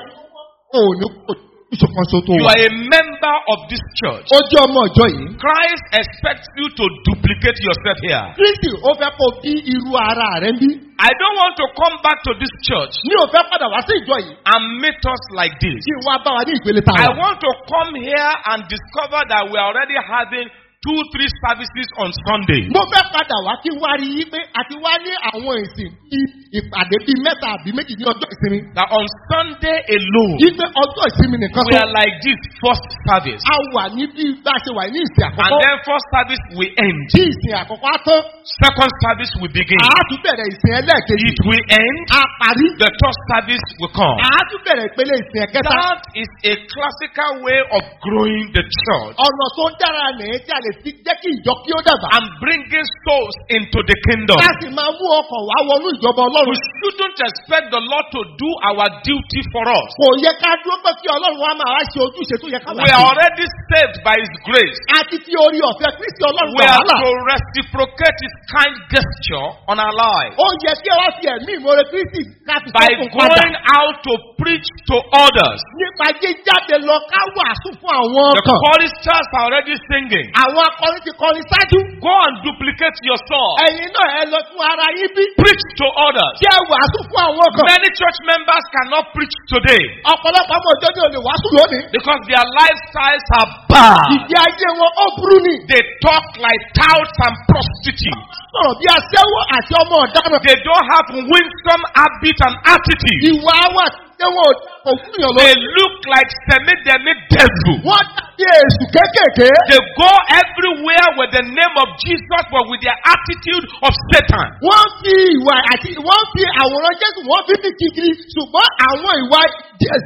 òní kò tó. You are a member of this church. Ojú ọmọ ìjọ yìí. Christ expects you to duplicate yourself here. Kristi ó fẹ́ kó bí irú ara rẹ bí. I don't want to come back to this church. Mi ò fẹ́ padà wá sí ìjọ yìí. And meet us like this. Kí wá bá wa ní ìpele ta. I want to come here and discover that we are already having two three services on Sunday. Mo fẹ́ padà wá kí wá rí i pé àti wá ní àwọn ìsìn bí ìpàdé bíi mẹ́ta àbí méjì ní ọjọ́ ìsinmi. Na on Sunday alone. Yí pé ìsinmi nìkan sọ. We are like this first service. A wà ní bá a ṣe wà ní ìsìn àkọ́kọ́. And then first service will end. Tí ìsìn àkọ́kọ́ á tán. Second service will begin. A tún bẹ̀rẹ̀ ìsìn ẹlẹ́ẹ̀kejì. It will end. A parí. The third service will come. A tún bẹ̀rẹ̀ ìpele ìsìn ẹ̀kẹta. That is a classical way of growing the church. Ọ̀nà tó dára nìyẹn tí a lè sí jẹ́ kí ìjọ kí ó dàgbà. and bringing souls into the kingdom. ká máa mú ọkàn wá wọnú ìjọba ọlọ́run. we shouldn't expect the Lord to do our duty for us. kò yẹ ká dúró pé kí ọlọ́run wa máa wá ṣe ojúṣe tó yẹ ká wá ṣe. we are already saved by his grace. àti fi orí ọ̀fẹ́ kristi ọlọ́run wà we are to reciprocate his kind gesture on our lives. ó yẹ kí ẹ fi ẹ̀mí ìmoore kristi láti sọ fún padà. by going out to preach to others. nípa jíjáde lọ ká wàásù fún àwọn kan. the choristers are already singing. àwọn akọrin ti kọrin ṣáájú. Go and duplicate your song. Ẹ̀yin náà ẹ lọ fún ara yín bí. Preach to others. Ṣé wàásù fún àwọn kan? Many church members cannot preach today. Ọ̀pọ̀lọpọ̀ ọmọ ìjọ́jú ò lè wàásù lónìí. Because their lifestyles are bad. Ìdí ayé wọn ó burú ni. They talk like touts and prostitutes. Sọ̀rọ̀ bí aṣẹ́wó àti ọmọ ọ̀daràn. They don't have winsome habit and attitude. Ìwà àwọn àti ṣé wọn lọ. They look like semi-demi devil. Wọ́n dà Yes, They go everywhere with the name of Jesus but with their attitude of Satan. Wọ́n fi ìwà àti wọ́n fi àwòrán Jésù wọ́n fi ní kiri ṣùgbọ́n àwọn ìwà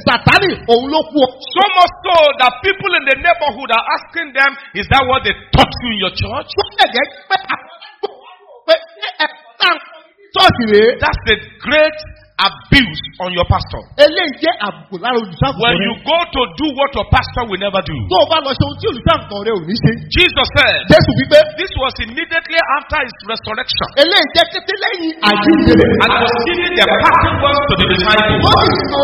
Sátánì òun ló kú. So much so that people in the neighborhood are asking them is that what they taught you in your church? That's the great abuse on your pastor. eléyìí jẹ́ àbùkù lára olùsàgùn rẹ. when you go to do what your pastor will never do. tó o bá lọ ṣe ohun tí olùsàgùn rẹ ò ní ṣe. Jesus said. Jésù wípé. this was immediately after his resurrection. eléyìí jẹ́ kété lẹ́yìn àjíǹde rẹ̀. and was giving the parting words to the disciples. wọ́n sì sọ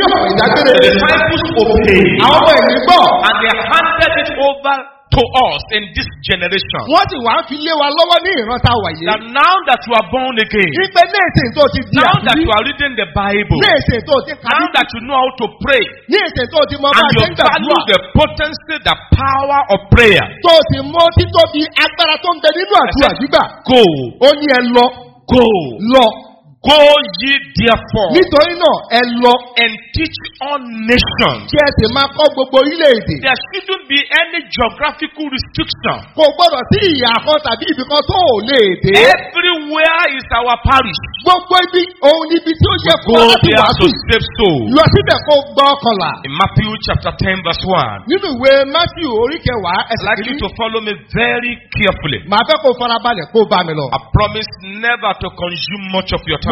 yóò ìdágbére. the disciples obeyed. àwọn ọmọ ẹ̀mí gbọ́. and they handed it over to us in this generation. Wọ́n ti wá fi lé wa lọ́wọ́ ní ìran tá That now that you are born again. Ipe léèsè tó ti di àbí. Now that you are reading the Bible. Léèsè tó ti kàbí. Now that you know how to pray. Léèsè tó ti mọ bá a ṣe ń gbàdúrà. And you value the potency, the power of prayer. Tó ti mọ títóbi agbára tó ń bẹ nínú àdúrà gbígbà. Go. Ó ní ẹ lọ. Go. Lọ. Go ye therefore. Nítorí náà ẹ lọ. And teach all nations. Kí ẹ sì máa kọ́ gbogbo orílẹ̀-èdè. There shouldn't be any geographical restriction. Kò gbọ́dọ̀ sí ìyá tàbí ibìkan tó ò lè dé. Everywhere is our parish. Gbogbo ibi òun ni tí ó yẹ kó láti wàásù. Go there to save souls. Lọ síbẹ̀ kó gbọ́ ọkànlá. In Matthew chapter ten verse one. Nínú ìwé Matthew orí ẹsẹ̀ kìíní. I'd like you to follow me very carefully. Màá fẹ́ kó farabalẹ̀ kó bá mi lọ. I promise never to consume much of your time.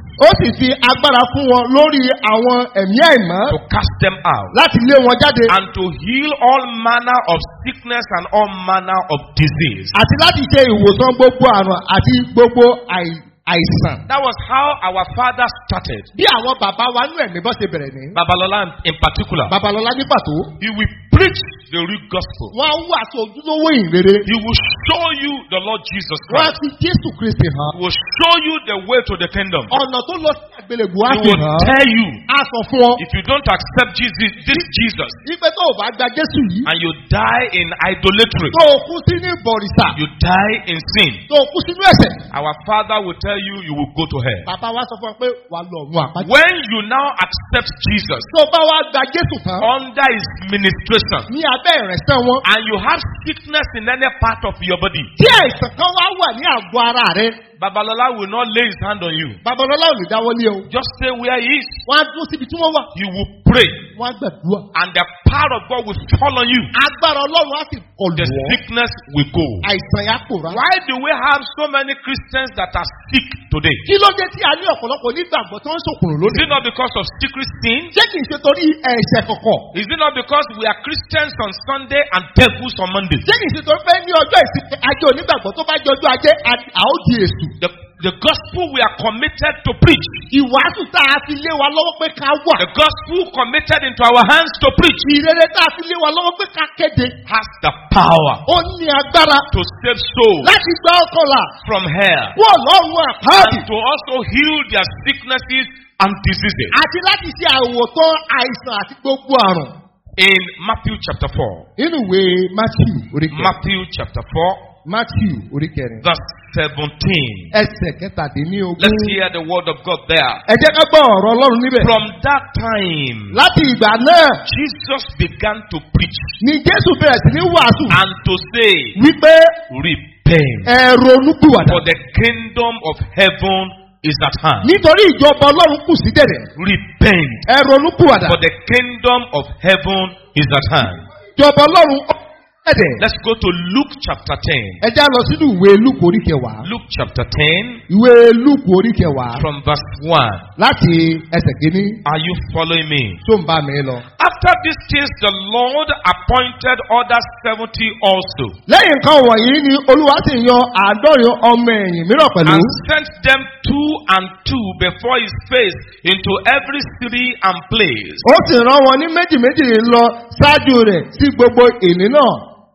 ó sì fi agbára fún wọn lórí àwọn ẹ̀mí àìmọ́. to cast them out. láti lé wọn jáde. and to heal all manner of sickness and all manner of disease. àti láti ṣe ìwòsàn gbogbo àrùn àti gbogbo àìsàn àìsàn. That was how our father started. Bí àwọn bàbá wa nú ẹ̀mí bọ́ ṣe bẹ̀rẹ̀ ní. Babalọla in particular. Babalọla ní pàtó. He will preach the real gospel. Wọ́n á wà sí ìrere. He will show you the Lord Jesus Christ. Wọ́n á fi Jésù Kristi hàn. He will show you the way to the kingdom. Ọ̀nà tó lọ sí àgbélébù á fi hàn. He will tell you. A sọ fún ọ. If you don't accept Jesus, this Jesus. Ipe tó o bá gba Jésù yìí. And you die in idolatry. Tó o kú sí ní Bọ̀rìṣà. You die in sin. Tó o kú sínú ẹ̀ṣẹ̀. Our father will tell you you will go to hell. Bàbá wa sọ fún ọ pé wà lọ ọ̀run àpájá. When you now accept Jesus. Tó o bá wa gba Jésù tán. Under his ministration. Satan. Ní abẹ́ ìrẹsẹ̀ wọn. And you have sickness in any part of your body. Tí àìsàn wá wà ní àgọ́ ara rẹ. Babalola will not lay his hand on you. Babalola ò lè dáwọ́ lé o. Just stay where he is. Wọ́n á dúró síbi tí wọ́n wà. You will pray. Wọ́n á gbàdúrà. And the power of God will fall on you. Agbára Ọlọ́run á sì kọlù wọ́n. The sickness will go. Àìsàn yà kò rà. Why do we have so many Christians that are sick today? Kí ló dé tí a ní ọ̀pọ̀lọpọ̀ onígbàgbọ́ tó ń ṣòkòrò lónìí? Is it not because of secret sin? Ṣé kì í ṣe torí ẹ̀ṣẹ̀ kọ̀kọ̀? Is it not because we are Christians on Sunday and devils on Monday? Ṣé kì í ṣe torí pé ní ọjọ́ ìsìn ajé onígbàgbọ́ tó bá jọjú ajé àá ó di èṣù? The, the gospel we are committed to preach. Ìwàásù tá a fi lé wa lọ́wọ́ pé ká wà. The gospel committed into our hands to preach. Ìrere tá a fi lé wa lọ́wọ́ pé ká kéde. Has the power. Ó ní agbára. To save souls. Láti gba ọkọ̀ From hell. Wọ́n lọ́rùn àpáàdì. And to also heal their sicknesses and diseases. Àti láti ṣe àwòtán àìsàn àti gbogbo àrùn. In Matthew chapter four. Nínú ìwé Matthew. Matthew chapter four. Matthew orí Verse seventeen. Let's hear the word of God there. From that time. Jesus began to preach. And to say. Repent. For the kingdom of heaven is at hand. Nítorí ìjọba Ọlọ́run kù sí dẹ̀dẹ̀. Repent. Ẹ ronú kùwàdà. For the kingdom of heaven is at hand. Ìjọba Ọlọ́run bẹ̀rẹ̀. let's go to luke chapter ten. ẹ já lọ sínú ìwé luke orí kẹwàá. luke chapter ten. ìwé luke orí kẹwàá. from verse one. láti ẹsẹ̀ kìíní. are you following me. tó ń bá mi lọ. after these things the lord appointed other seventy also. lẹ́yìn nǹkan wọ̀nyí ni olúwa ti yan àádọ́rin ọmọ ẹ̀yìn mìíràn pẹ̀lú. and sent them two and two before his face into every city and place. ó sì rán wọn ní méjì méjì lọ ṣáájú rẹ̀ sí gbogbo ìní náà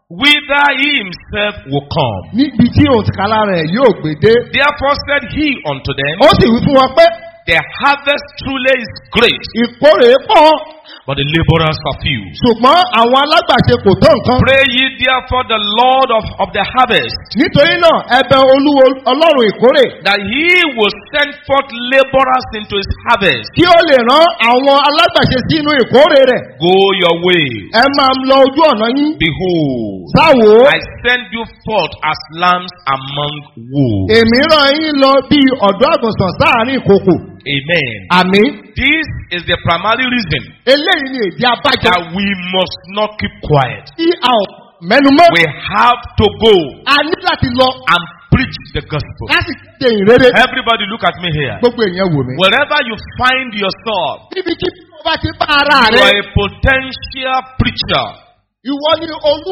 whither he himself will come. Níbi tí òtìkálá rẹ̀ yóò gbé dé. Therefore said he unto them. Ó sì wí fún wọn pé. The harvest truly is great. Ìkórè pọ̀. But the laborers are few. Ṣùgbọ́n àwọn alágbàṣe kò tó nǹkan. Pray ye therefore the Lord of, of the harvest. Nítorí náà ẹbẹ olúwo ọlọ́run ìkórè. That he will send forth laborers into his harvest. Kí ó lè rán àwọn alágbàṣe sí inú ìkórè rẹ̀. Go your way. Ẹ máa lọ ojú ọ̀nà yín. Behold. Sáwo. I send you forth as lambs among wolves. Èmi ràn yín lọ bí ọ̀dọ́ àgùntàn sáàárín ìkòkò. Amen. Amen. This is the primary reason. Eléyìí ni èdè abájọ. That we must not keep quiet. Tí a ò mẹ́numọ́. We have to go. A ní láti lọ. And preach the gospel. Láti ṣe ìrere. Everybody look at me here. Gbogbo èèyàn wò mí. Wherever you find yourself. Níbi kí o bá ti bá ara rẹ. You are a potential preacher. Ìwọ ni olú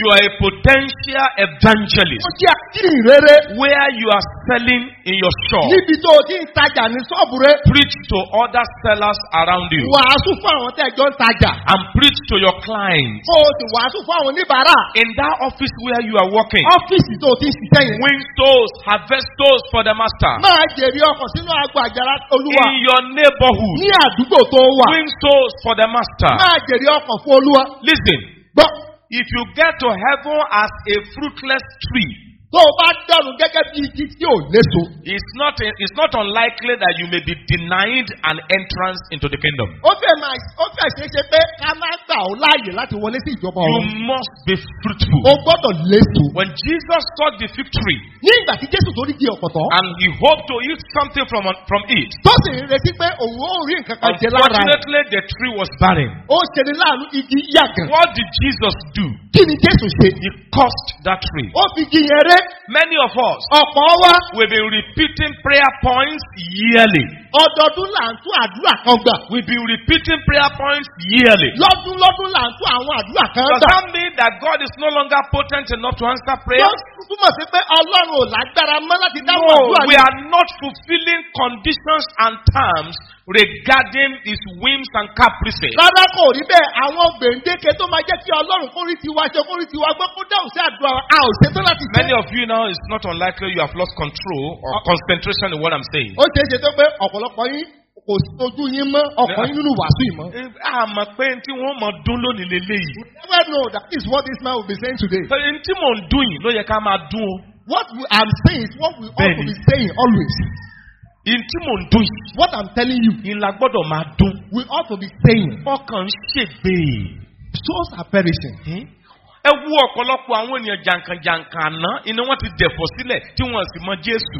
You are a potential evangelist. Ó jẹ́ àdín Where you are selling in your shop. Níbi tó o ti ń tajà ní ṣọ́ọ̀bù Preach to other sellers around you. Wàásù fún àwọn tẹ̀jọ́ ń tajà. And preach to your clients. o sì wàásù fún àwọn oníbàárà. In that office where you are working. Ọ́fíìsì tó o ti ṣiṣẹ́ yẹn. Win souls, harvest souls for the master. Máa jèrè ọkọ̀ sínú agbo àjàrà olúwa. In your neighborhood. Ní àdúgbò tó wà. Win souls for the master. Máa jèrè ọkọ̀ fún olúwa. Listen. But if you get to heaven as a fruitless tree, tó o bá dànù gẹ́gẹ́ bí igi tí ò léso. it's not it's not unlikely that you may be denied an entrance into the kingdom. ó fẹ́ máa ó fẹ́ ṣe é ṣe pé ká má gbà ó láàyè láti wọlé sí ìjọba ọ̀run. you must be fruitful. o gbọ́dọ̀ léso. when Jesus saw the fig tree. ní ìgbà tí Jésù tó rí di ọ̀pọ̀tọ́. and he hoped to eat something from, from it. tó sì ń retí pé òun ó rí nǹkan kan jẹ lára. unfortunately the tree was barren. ó ṣe ní láàánú igi yàgàn. what did Jesus do? kí ni Jésù ṣe? he cursed that tree. ó fi igi yẹn rẹ́. many of us ọ̀pọ̀ wa will be repeating prayer points yearly. ọdọọdún là ń tún àdúrà kan gbà. will be repeating prayer points yearly. lọ́dún lọ́dún là ń tún àwọn àdúrà kan gbà. does that mean that God is no longer potent enough to answer prayers? túmọ̀ sí pé ọlọ́run ò lágbára mọ́ láti dáhùn àdúrà yìí. no we are not fulfilling conditions and terms regarding his whims and caprices. Rárá kò rí bẹ́ẹ̀ àwọn gbèǹdéke tó máa jẹ́ kí Ọlọ́run kó tiwa ṣe kó tiwa gbọ́ kó dáhùn sí àdúrà a ò ṣe tó láti ṣe. Many of you now it's not unlikely you have lost control or concentration in what I'm saying. Ó ṣeé ṣe tó pé ọ̀pọ̀lọpọ̀ yín kò sojú yín mọ́ ọkàn yín nínú wàásù yìí mọ́. àmọ́ eh, pé tí wọ́n mọ̀ dún lónìí lélẹ́yìí. you never know that is what this man will be saying today. sọ eh, èyí mò ń dún yìí ló yẹ ká máa dún o. what I'm saying is what we ought to be saying always. Ntí mò ń dún yìí. What I'm telling you. Ìlà gbọ́dọ̀ máa dún. We ought to be saying. Ọkàn ń ṣègbè. Souls are perishing. Hmm? ẹ wú ọ̀pọ̀lọpọ̀ àwọn ènìyàn jàǹkànjàǹkàn àná iná wọn ti dẹ̀fọ̀ sílẹ̀ tí wọ́n sì mọ Jésù.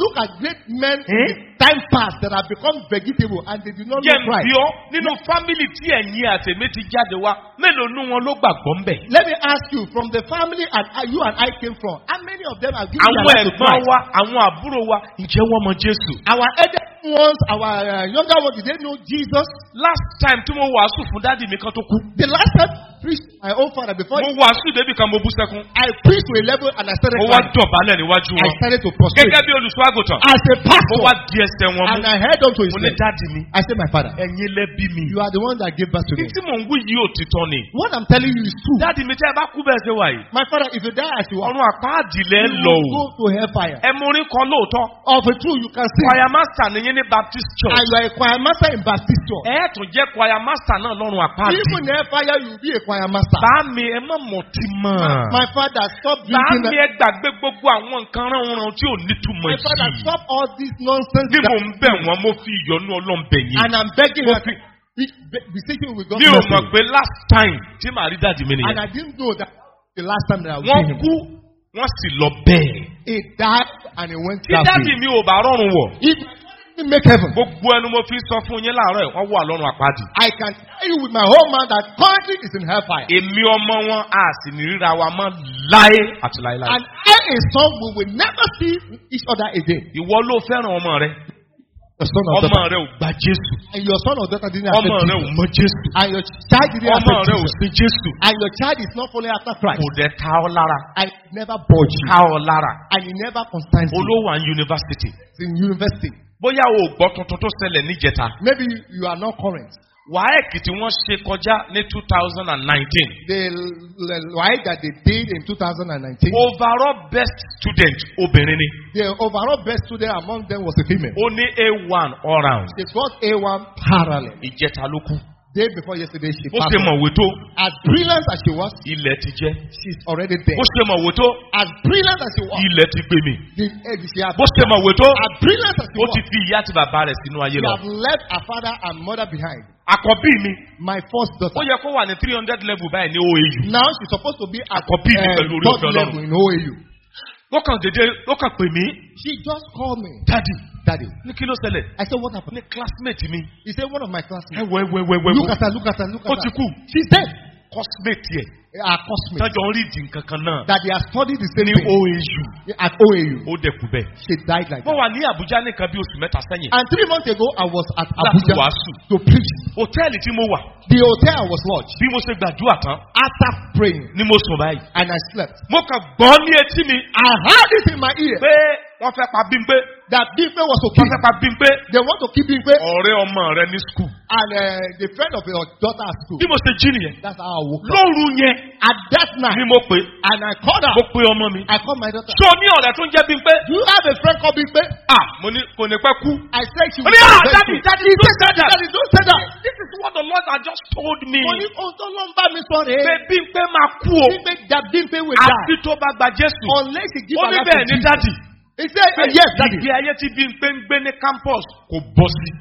Look at great men eh? in time past that have become vegetable and they do not know Christ. Yẹ̀mí ọ́ nínú fámìlì tí ẹ̀yin àtẹ̀mí ti jáde wá mélòó nú wọn ló gbàgbọ́ ń bẹ̀. Let me ask you from the family and uh, you and I came from how many of them have given their life to Christ? Àwọn ẹ̀gbọ́n wa àwọn àbúrò wa ǹjẹ́ wọ́n mọ Jésù? Our elder ones our uh, younger ones did they know Jesus? Last time tí mo wàásù fún dáàdì mi kan tó kú. The last time preached to my own father before. Mo wàásù débi kan mo bú sẹ́kún. I preached to a level and I started. Mo wá dọ̀bálẹ̀ níwájú wọn. I started to prostrate. Gẹ́gẹ́ bí olùṣọ́àgùtàn. As a pastor. Mo wá di ẹsẹ̀ wọn mú. And I held on his leg. Mo ní dáàdi mi. I said my father. Ẹ̀yin lẹ mi. You are the one that gave birth to me. Tí mò ń wí yìí òtítọ́ ni. What I'm telling you is true. Dáàdi mi tẹ́ ẹ bá kú bẹ́ẹ̀ ṣe wà yìí. My father if you die as you are. Ọ̀run àpáàdì lẹ lọ o. You go to hell fire. Ẹ mú orin kan lóòótọ́. Of a true you can see. Choir master ni yín ní Baptist church. And you choir master in Baptist church. Ẹ tún jẹ́ choir master náà lọ́run àpáàdì. Even if fire you be a require master. Bá mi ẹ má mọ̀tí mọ̀. My father stop drinking. Bá mi ẹ gbàgbé gbogbo àwọn nǹkan ránran tí ò nítumọ̀ yìí. My father stop all this nonsense. Ní mò ń bẹ̀ wọ́n, mo fi ìyọnu Ọlọ́run bẹ̀ And I'm begging you. Be taken with God's mercy. Mi ò mọ̀ pé last time tí màá rí dáàdì mi nìyẹn. And I didn't know that the last time that I was with him. Wọ́n kú, wọ́n sì lọ bẹ́ẹ̀. He died and he went that way. Tí dáàdì mi ò bá rọrùn wọ̀. If me make heaven. Gbogbo ẹnu mo fi sọ fún yín láàárọ̀ ẹ̀ wọ́n wà lọ́rùn àpáàdì. I can tell you with my whole mind that country is in hellfire. Èmi ọmọ wọn a sì ní ríra wa mọ́ láé àti láéláé. And I is some we will never see each other again. Ìwọ ló fẹ́ràn ọmọ rẹ ọmọ rẹ ò gba jésù. and your son or daughter didn't accept Jesus. ọmọ rẹ ò mọ jésù. your child didn't accept Jesus. ọmọ rẹ ò sí jésù. and your child is not following after Christ. kò ọ lára. and never budge you. ọ lára. never constant you. olówó and university. university. bóyá o gbọ́ tuntun tó ṣẹlẹ̀ níjẹta. maybe you are not current. WAEC tí wọ́n ṣe kọjá ní two thousand and nineteen. the WAEC that they did in two thousand and nineteen. overall best student obìnrin ni. the overall best student among them was a female. ó ní A1 all round. it was A1 parallel. ìjẹta ló day before yesterday she passed. ó ṣe mọ̀wé tó. as brilliant as she was. ilẹ̀ ti jẹ́. she is already there. ó ṣe mọ̀wé tó. as brilliant as she was. ilẹ̀ ti gbé mi. the egg she had. bó ṣe mọ̀wé tó. as brilliant as she was. ó ti fi ìyá àti bàbá rẹ̀ sínú ayé lọ. she has left her father and mother behind. Àkọ́bí mi. My first daughter. Ó yẹ kó wà ní three hundred level báyìí ní OAU. Now she is supposed to be at. Àkọ́bí mi eh, pẹ̀lú orí ọ̀fẹ́ Ọlọ́run. Third level in OAU ó kàn dédé ó kàn pè mí. she just called me. daddy daddy. ní kí ló ṣẹlẹ̀. I said what happened. ní classmate mi. he said one of my classmates. ẹ wẹ wẹ wẹ wẹ. look at her look at her look at her. ó ti kú. she said, dead. cosmate yẹ are cosmic. Tájọ ń rí ìdì nǹkan kan náà. That they are studying the same thing. Ní OAU. At OAU. Ó dẹ̀ kú bẹ́ẹ̀. She died like that. Mo wà ní Abuja nìkan bí oṣù mẹ́ta sẹ́yìn. And three months ago I was at Abuja. Láti wàásù. To preach. Hòtẹ́ẹ̀lì tí mo wà. The hotel I was lodged. Bí mo ṣe gbàdúrà tán. After praying. Ni mo sùn báyìí. And I slept. Mo kàn gbọ́ ní etí mi. I heard it in my ear. Pé wọ́n fẹ́ pa Bímpé. that Bímpé was okay. wọ́n fẹ́ pa Bímpé. they want to keep Bímpé. ọ̀rẹ́ ọmọ rẹ ní school. and uh, the friend of your daughter at school. bí mo ṣe jí nìyẹn. that's how I woke up. lóru yẹn. at that night. ni mo pè. and I called her. mo pe ọmọ mi. I called my daughter. so ní ọ̀rẹ́ tó ń jẹ́ Bímpé. you have a friend called Bímpé. ah mo ní kò ní pẹ́ kú. I said she was very ah, good. daddy daddy don't say that. daddy don't say that. this is what the Lord had just told me. mo ní ohun tó ló ń bá mi sọ rèé. pé Bímpé máa kú o. Bímpé da Bímpé will die. àti tó bá gba Jésù. unless he give her life to Jesus. ó ní bẹ́ẹ̀ ni daddy. He said, uh, yes, that is. Ìgbé ayé tí campus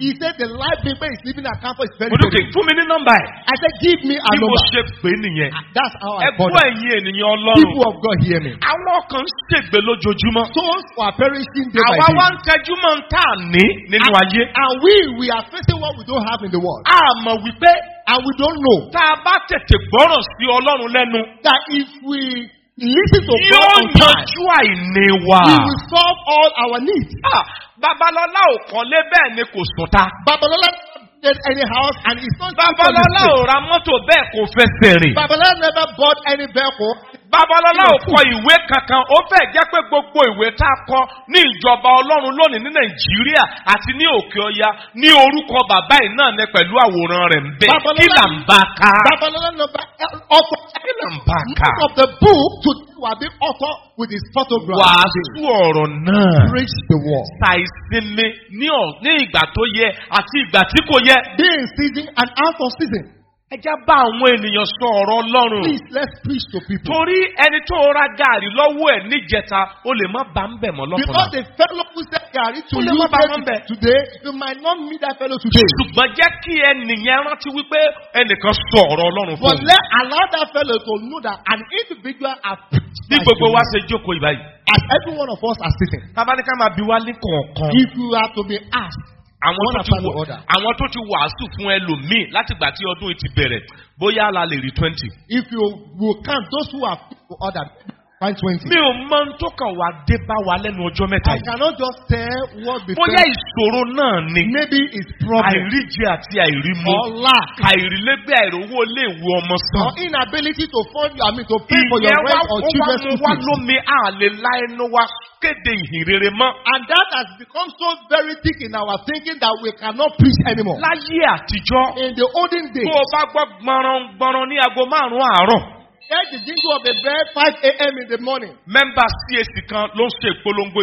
He said the life Bímpé is living at campus is very good. Olùkè fún mi ní I said give me a number. Bí mo ṣe pè nìyẹn. Ah, that's how I call it. Ẹ̀gbọ́n ẹ̀yin ènìyàn Ọlọ́run. People of God hear me. Àwọn ọkàn ń ṣègbè lójoojúmọ́. Souls are perishing day by day. I want ń tẹjú mọ́ ń tà ní ah, And we we are facing what we don't have in the world. Àmọ̀ wípé. And we don't know. Tá a bá tètè gbọ́ràn sí Ọlọ́run That if we listen to God on time. He will solve all our needs. Ah, Babalọlá ò kọ́lé bẹ́ẹ̀ ni kò sọ̀tà. Babalọlá did any house and it's not. Babalọlá ò ra mọ́tò bẹ́ẹ̀ kò fẹsẹ̀ rìn. Babalọlá never bought any vehicle babalọ́lá ò kọ ìwé kankan ó fẹ́ jẹ́ pé gbogbo ìwé tá a kọ ní ìjọba ọlọ́run lónìí ní nàìjíríà àti ní òkè ọya ní orúkọ bàbá yìí náà ní pẹ̀lú àwòrán rẹ̀ ń bẹ kí là ń bá ká. babalọ́lá nọmba ọkọ kí là ń bá ká. of the book to wà bí ọkọ with his photograph. wàásù ọ̀rọ̀ náà. preach the word. ṣàìsinmi ní ìgbà tó yẹ àti ìgbà tí kò yẹ. day in season and out of season. Ẹja bá àwọn ènìyàn sọ ọ̀rọ̀ Ọlọ́run. Please let's preach to people. Torí ẹni tó ra gàrí lọ́wọ́ ẹ̀ níjẹta, o lè má bá ń bẹ̀ mọ́ lọ́kùnrin. Because a fellow who said gàrí to you today, you might not meet that fellow today. Ṣùgbọ́n jẹ́ kí ẹnìyẹn rántí wípé ẹnìkan sọ ọ̀rọ̀ Ọlọ́run fún un. But let allow that fellow to know that an individual has Bí gbogbo wa ṣe jókòó ìbáyìí. As every one of us are sitting. Tábánikà máa bi wá ní kọ̀ọ̀kan. If you are to be asked àwọn tó ti wọ àwọn tó ti wàásù fún ẹlòmíì látìgbà tí ọdún yìí ti bẹ̀rẹ̀ bóyá la lè rí twenty. if you you count those who have ordered Five Mi ò mọ tó kàn wá dé bá wa lẹ́nu ọjọ́ mẹ́ta yìí. I cannot just tell what befell. Bóyá ìṣòro náà ni. Maybe it's problem. Àìríjẹ àti àìrímú. Ọ̀la. Àìrílégbé àìrówó lè wo ọmọ san. Or inability to fund I mean to pay for your rent or children's school fees. Ìyẹn wá wá lómi àlè láì nu kéde ìhìnrere mọ́. And that has become so very thick in our thinking that we cannot preach anymore. Láyé àtijọ́. In the olden days. Tó o bá gbọ́ gbọ́nrán gbọ́nrán ní aago márùn-ún àárọ̀. Heard the jingle of the bell 5 a.m. in the morning. Mẹ́mbà CAC kan ló ń ṣe ìpolongo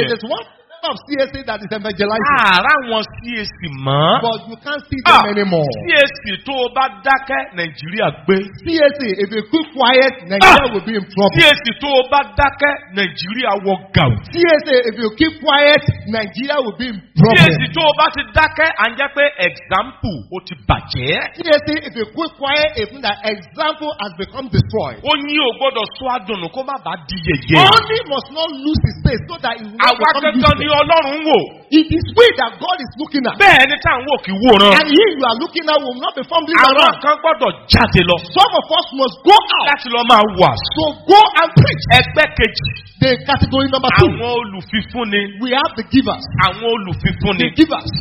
It is what? type of CAC that is evangelizing. Ààrá wọn CAC mọ́. But you can't see them ah, anymore. CAC tó o bá dákẹ́ Nàìjíríà gbé. CAC if you keep quiet Nigeria ah, will be in trouble. CAC tó o bá dákẹ́ Nàìjíríà wọ gàù. CAC if you keep quiet Nigeria will be in trouble. CAC tó o bá ti dákẹ́ à ń jẹ́ pé example ó ti bàjẹ́. CAC if you keep quiet even that example has become destroyed. Ó ní o gbọ́dọ̀ sọ àdùnnú kó má bàa di yẹ̀yẹ́. Only must not lose his face so that he will not become useless. Àwa gẹ́gẹ́ ni Ọlọ́run wò. It is we that God is looking at. Bẹ́ẹ̀ ni táwọn wò kì í wòran. And he you are looking at will not be formed in our own. Àwọn kan gbọ́dọ̀ jáde lọ. Some of us must go out. Láti lọ máa wà. So go and preach. Ẹgbẹ́ kejì. The category number two. Àwọn olùfifúnni. We have the givers. Àwọn olùfifúnni. The givers.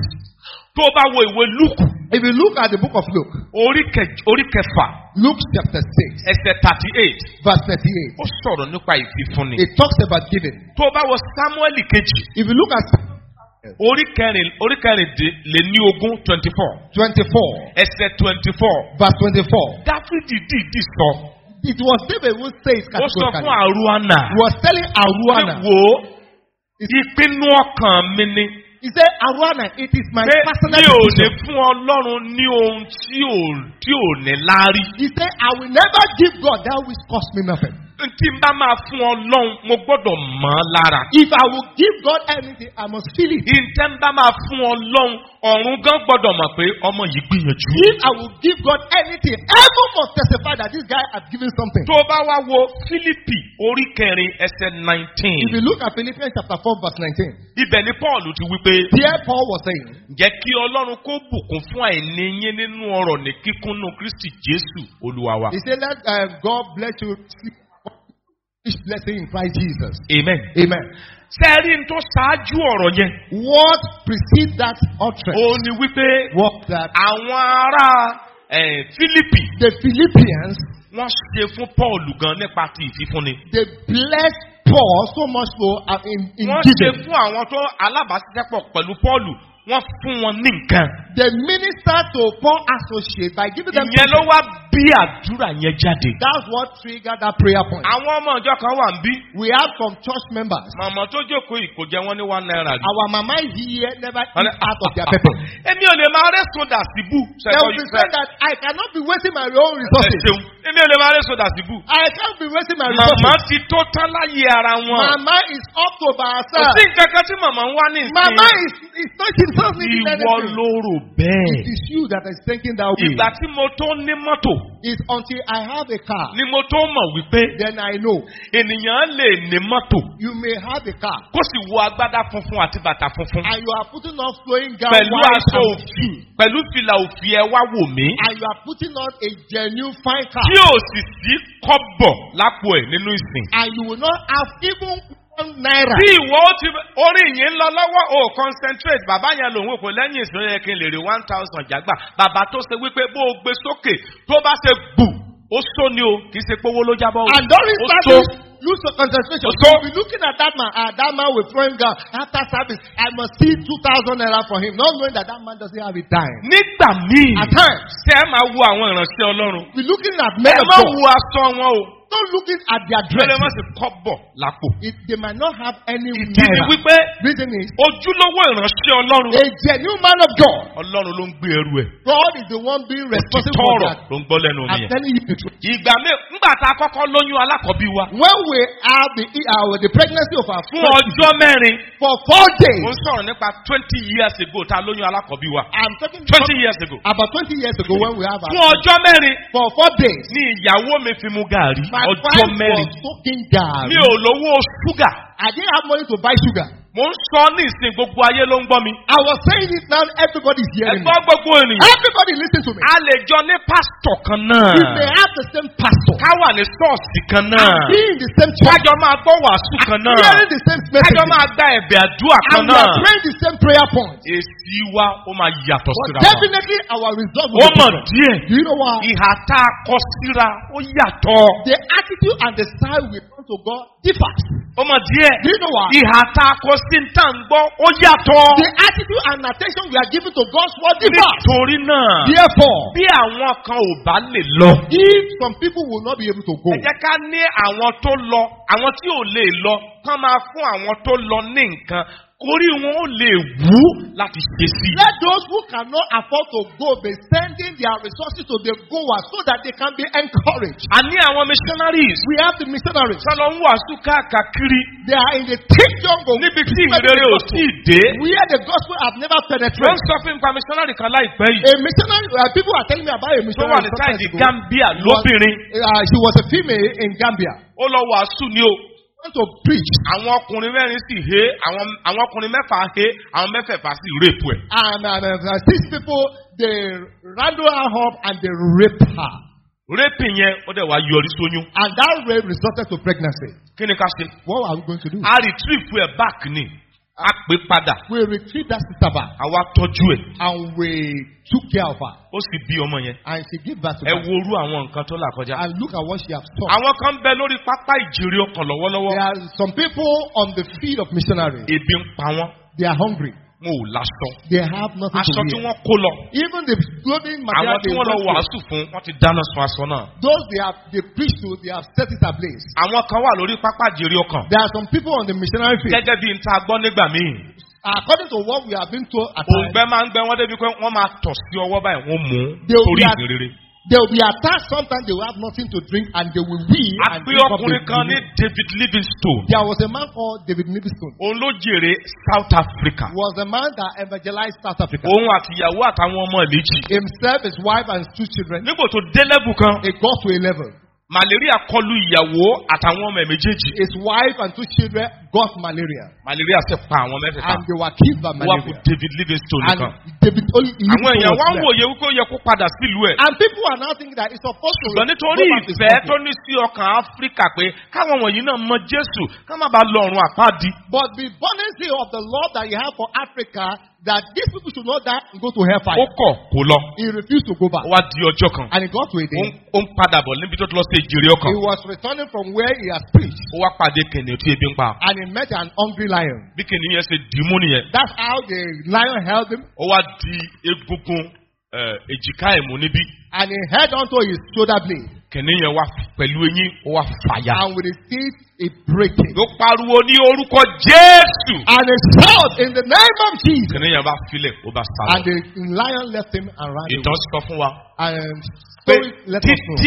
Tó bá wo ìwé Luke. If you look at the book of Luke. Orí kẹ orí kẹfà. Luke chapter six. Ẹsẹ̀ thirty eight. Verse thirty eight. Ó sọ̀rọ̀ nípa ìfifúnni. It talks about giving. Tó bá wo Samuel kejì. If you look at. Orí kẹrin orí kẹrin lè ní ogún twenty four. twenty four. Ẹsẹ̀ twenty four. Verse twenty four. Dáfídì dìídì sọ. It was David who says. Ó sọ fún Aruana. He was telling Aruana. Ṣé wo ìpinnu ọkàn mi ni? He said, Arwana, it is my personal decision. Mi ò lè fún Ọlọ́run ní ohun tí ò ní láárí. He said, I will never give God that which cost me nothing tí n bá máa fún ọlọ́run mo gbọ́dọ̀ mọ̀ ọ́ lára. if I will give God anything I must feel it. ǹjẹ́ n bá máa fún ọlọ́run ọ̀run gan gbọ́dọ̀ mọ̀ pé ọmọ yìí gbìyànjú. if I will give God anything heaven must testify that this guy has given something. tó o bá wá wo Fílípì orí kẹrin ẹsẹ̀ nineteen. if you look at Philippians chapter four verse nineteen. ibẹ̀ ni Paul ti wí pé. there Paul was saying. jẹ́ kí ọlọ́run kó bùkún fún àìní yín nínú ọ̀rọ̀ ní kíkúnnú Kristi Jésù Olúwa wa. he said let uh, God bless you. This blessing in Christ Jesus. Amen. Amen. Ṣé rí n tó ṣáájú ọ̀rọ̀ yẹn? What precedes that utterance? O ní wípé. What that? Àwọn ará Philippi. The Philippians. Wọ́n ṣe fún Paul gan nípa ti ìfífúnni. They blessed Paul so much so uh, in, in giving. Wọ́n ṣe fún àwọn tó alábàáṣiṣẹ́pọ̀ pẹ̀lú Paul wọ́n fún wọn ní nǹkan. the minister to poor associate by giving them. ìyẹn ló wá bí àdúrà yẹn jáde. that's what triggered that prayer point. àwọn ọmọ ìjọ kan wà ń bí. we have some church members. màmá tó jókòó ìkòjẹ wọn ní one naira. our mama here never eat out of their ah, ah, pepper. Ah, èmi ò lè máa rẹ́ sódà síbú. they will be saying that I cannot be wasting my own resources. èmi ò lè máa rẹ́ sódà síbú. I can't be wasting my resources. màmá ti tó tán láyé ara wọn. màmá is up to by herself. kò sí nǹkan kan tí màmá ń wá ní ìsìn. màmá is is not Jesus needed anything. Ìwọ ló rò bẹ́ẹ̀. It is you that is thinking that way. Ìgbà tí mo tó ní mọ́tò. Is until I have a car. Ni mo tó mọ̀ wípé. Then I know. Ènìyàn lè ní mọ́tò. You may have a car. Kó sì wọ agbádá funfun àti bàtà funfun. And you are putting on flowing gown. Pẹ̀lú aṣọ òfì. Pẹ̀lú fìlà òfì ẹ wá wò mí. And you are putting on a genuine fine car. Tí o sì sí kọ́bọ̀ lápò ẹ̀ nínú ìsìn. And you will not have even náírà. Bí ìwọ ó ti orí yìí ń lọ lọ́wọ́ o concentrate bàbá yẹn lòun kò lẹ́yìn ìsìn yẹn kí n lè rí one thousand jágbà. Bàbá tó ṣe wípé bó o gbé sókè tó bá ṣe gbù ó só ni o kì í ṣe powó ló jábọ̀ o. And during service lose your concentration. So, we looking at that man ah that man with flowing gown after service I must see two thousand naira for him not knowing that that man doesn't have a dime. Nígbà me At times. We looking at men of God not looking at their dress. They might not have any naira. Ìdí ni ojúlówó ìránṣẹ́ Ọlọ́run. A genuine man of God. Ọlọ́run ló ń gbé ẹrú ẹ̀. God is the one being responsible for that. Tọ́rọ̀ ló ń gbọ́ lẹ́nu mi yẹn. Ìgbà mi ńgbà tá a kọ́kọ́ lóyún alákọ̀ọ́bí wa. When we are the our the pregnancy of our. Fún ọjọ́ mẹ́rin. For four days. Mo ń sọ̀rọ̀ nípa twenty years ago tá a lóyún alákọ̀ọ́bí wa. I'm talking twenty years ago. About twenty years ago when we have our. Fún ọjọ́ mẹ́rin. For four days. Ni ìyàwó mi fi mu gàrí. My and five was soaking down. Mi ò lówó ṣúgà. I didn't have money to buy sugar. Mo ń sọ ní ìsìn gbogbo ayé ló ń gbọ́ mi. I was saying it now everybody is hearing Ẹ gbọ́ gbogbo ènìyàn. Everybody listen to me. A lè jọ ní pastor? kan náà. We may have the same pastor. Ká wà ní ṣọ́ọ̀ṣì kan náà. And be being the same church. Kájọ máa gbọ́ wàásù kan náà. And hearing the same message. Kájọ máa gba ẹ̀bẹ̀ àdúrà kan náà. And we are praying the same prayer point. Èsì wa ó máa yàtọ̀ síra But definitely our result will be different. Ó mọ̀ díẹ̀. Do you know why? Ìhà tá a kọ síra ó yàtọ̀. The attitude and the style we bring to God differ. Ó mọ̀ díẹ̀. Do you know why? Ìhà tá a kọ sí tá à gbọ́ ó yàtọ̀. the attitude and attention we are giving to God's word differ. nítorí náà. therefore. bí àwọn kan ò bá lè lọ. if some people will not be able to go. ẹ jẹ́ ká ní àwọn tó lọ àwọn tí ò lè lọ kán máa fún àwọn tó lọ ní nǹkan Kórí wọn ó lè wú láti ṣe sí. Let those who cannot afford to go be sending their resources to the goers so that they can be encouraged. A ní àwọn missionaries. We have the missionaries. Sọlọ ń wàásù káàkiri. They are in the thick jungle. Níbi tí ìrere ò sí dé. Where the gospel has never penetrated. Wọ́n sọ fún mi pa missionary kan láìpẹ́ yìí. A missionary uh, people are telling me about a missionary. Tó wà ní táyì Gambia lóbìnrin. She uh, was a female in Gambia. Ó lọ wàásù ni o want to preach. Àwọn ọkùnrin mẹ́rin sì he, àwọn àwọn ọkùnrin mẹ́fà he, àwọn mẹ́fẹ̀ẹ̀fà sì rape ẹ̀. And and uh, six people they rattle her up and they rape her. Rape yẹn ó dẹ̀ wá yọrí sóyún. And that rape resulted to pregnancy. Kí ni ká ṣe? What are we going to do? A retrieve her back ni a pè padà. we retrieved that sister back. àwa tọ́jú ẹ̀. and we took care of her. ó sì bí ọmọ yẹn. and she gave birth to her. ẹ wo àwọn nǹkan tó là kọjá. and look at what she has taught. àwọn kan bẹ lórí pápá ìjèrè ọkọ̀ lọ́wọ́lọ́wọ́. there are some people on the field of missionary. ebi ń pa wọn. they are hungry wọn ò láṣọ. they have nothing aṣọ to wear. aṣọ tí wọ́n kó lọ. even the clothing material they went to. àwọn tí wọ́n lọ wàásù fún wọ́n ti dáná sun aṣọ náà. those they have they preach to they have set it ablaze. àwọn kan wà lórí pápá ìjèrè ọkàn. there are some people on the missionary field. gẹ́gẹ́ bí n gbọ́ nígbà míì. According to what we have been told at times. Òǹgbẹ máa ń gbẹ wọ́n débi pé wọ́n máa tọ̀ sí ọwọ́ báyìí wọ́n mú torí ìrere. They will be attacked. Sometimes they will have nothing to drink and they will wee. Àpé ọkùnrin kan ní David Livingstone. There was a man called David Livingstone. Òun ló South Africa. Was the man that evangelized South Africa. Òun àti ìyàwó àtàwọn ọmọ ìlejì. Himself, his wife and two children. Nígbà tó dé level kan. He got to a level. Malaria kọlu ìyàwó àtàwọn ọmọ ẹ̀ méjèèjì. His wife and two children got malaria. Malaria ṣe pa àwọn mẹ́fẹ̀ẹ́ta. And they were killed by malaria. Wọ́n kú David Livingstone nìkan. And David only lived Àwọn èèyàn wá ń wòye wípé ó yẹ kó padà sílùú ẹ̀. And people are now thinking that it's supposed to. Ṣùgbọ́n nítorí ìfẹ́ tó ní sí ọkàn Áfíríkà pé káwọn wọ̀nyí náà mọ Jésù ká má bàa lọ ọ̀run àpáàdì. But the bonancy of the love that you have for Africa that these people should not die go to hellfire. ó kọ̀ kó lọ. he refused to go back. ó wá di ọjọ́ kan. and he got to a day. ó ń padà bọ̀ níbi tó lọ sí ìjírí ọkàn. he was returning from where he had preached. ó wá pàdé kìnìún tí ebi ń pa. and he met an hungry lion. bí kìnìún yẹn ṣe dìímú nìyẹn. that's how the lion held him. ó wá di egungun eh, èjìká ẹ̀mú níbí. and he held onto his shoulder blade kìnìún yẹn wá pẹ̀lú eyín wá fàyà. and with his teeth he break ló pariwo ní orúkọ Jésù. and he shout in the name of Jesus. kìnìún yẹn bá filẹ̀ ó bá sálọ. and the lion left him and ran away. ìtàn sọ fún wa. and um, story left us know.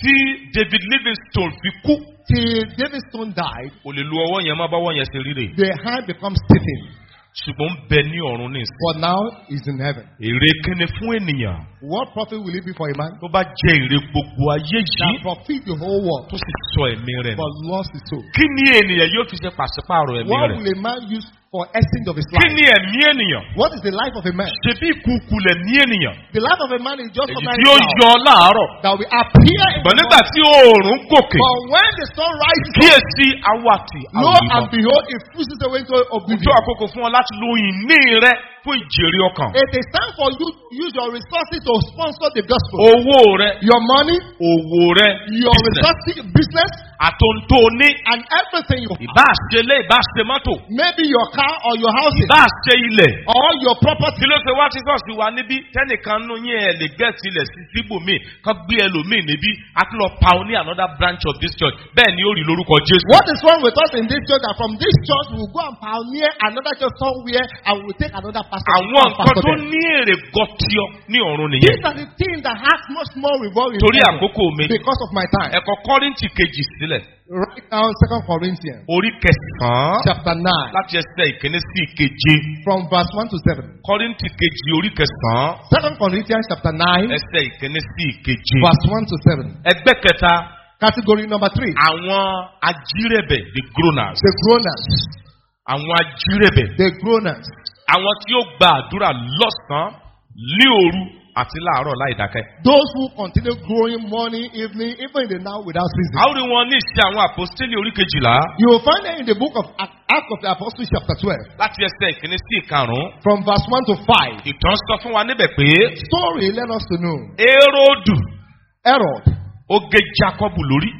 tí David Livingstone fi kú. till Livingstone died. kò lè lu ọwọ́ yẹn má bá ọwọ́ yẹn ṣe rí rè. the hand becomes stiffened ṣùgbọ́n bẹ ní ọ̀run ní ìsìn. for now is in heaven. èrè kíni fún ènìyàn. what profit will it be for a man. tó bá jẹ èrè gbogbo ayé yìí. that profit the whole world. tó sì sọ ẹ̀mí rẹ̀. but lost his soul. kí ni ènìyàn yóò fi ṣe pàṣípààrọ̀ ẹ̀mí rẹ̀. what will a man use or essence of his life. Kí ni ènìyàn? What is the life of a man? Ṣèbí ìkùkù lẹ̀mí ènìyàn. The life of a man is just ordinary. Èyí tí ó yọ láàárọ̀. That we appear in the morning. Ṣùgbọ́n tí oòrùn gòkè. But when the sun rises. Kíyèsí awàtì àwọn ìbọn. Lo and behold it pushes away to oblivion. Ojú àkókò fún ọ láti lo ìní rẹ fún ìjèrè ọkàn. It is time for you to use your resources to sponsor the gospel. Owó rẹ. Your money. Owó rẹ. Your resources business àtòntóní. and everything you have. ìbá àṣelé ìbá àṣemọ́tò. maybe your car or your house. ìbá àṣe ilẹ̀. or your property. kí ló ṣe wá sí sọ́ọ̀sì wa níbí tẹ́nìkan nú yín ẹ̀ lè gẹ̀ẹ́sì ilẹ̀ sí síbòmíì kan gbé ẹlòmíì níbí a ti lọ pa ọ ní another branch of this church bẹ́ẹ̀ ni ó rí lórúkọ Jésù. what is wrong with us in this church that from this church we go and pioneer another church somewhere and we take another pastor. àwọn nǹkan tó ní èrè gọtiọ ní ọ̀run nìyẹn. these are the things that has much more revolving torí àkókò mi. because of my time. ẹ̀kọ́ kọ́rìntì kejì sí sílẹ̀. Right now, Second Corinthians. Orí kẹsàn-án. Chapter nine. Láti ẹsẹ̀ ìkíní sí ìkeje. From verse one to seven. Kọ́ríntì kejì orí kẹsàn-án. Second Corinthians chapter nine. Ẹsẹ̀ ìkíní sí ìkeje. Verse one to seven. Ẹgbẹ́ kẹta. Category number three. Àwọn ajírẹ̀bẹ̀ the groaners. The groaners. Àwọn ajírẹ̀bẹ̀. The groaners. Àwọn tí ó gba àdúrà lọ́sàn-án, lé òru àti láàárọ̀ láì dákẹ́. those who continue growing morning evening even in the now without ceasing. àwọn wọn ní ìṣe àwọn àpòstélì orí kejìlá. you will find it in the book of Acts of the Apostles chapter twelve. láti ẹsẹ̀ ìkíní sí ìkarùn-ún. from verse one to five. ìtàn sọ fún wa níbẹ̀ pé. story let us to know. Éródù. Herod. ó Jacob lórí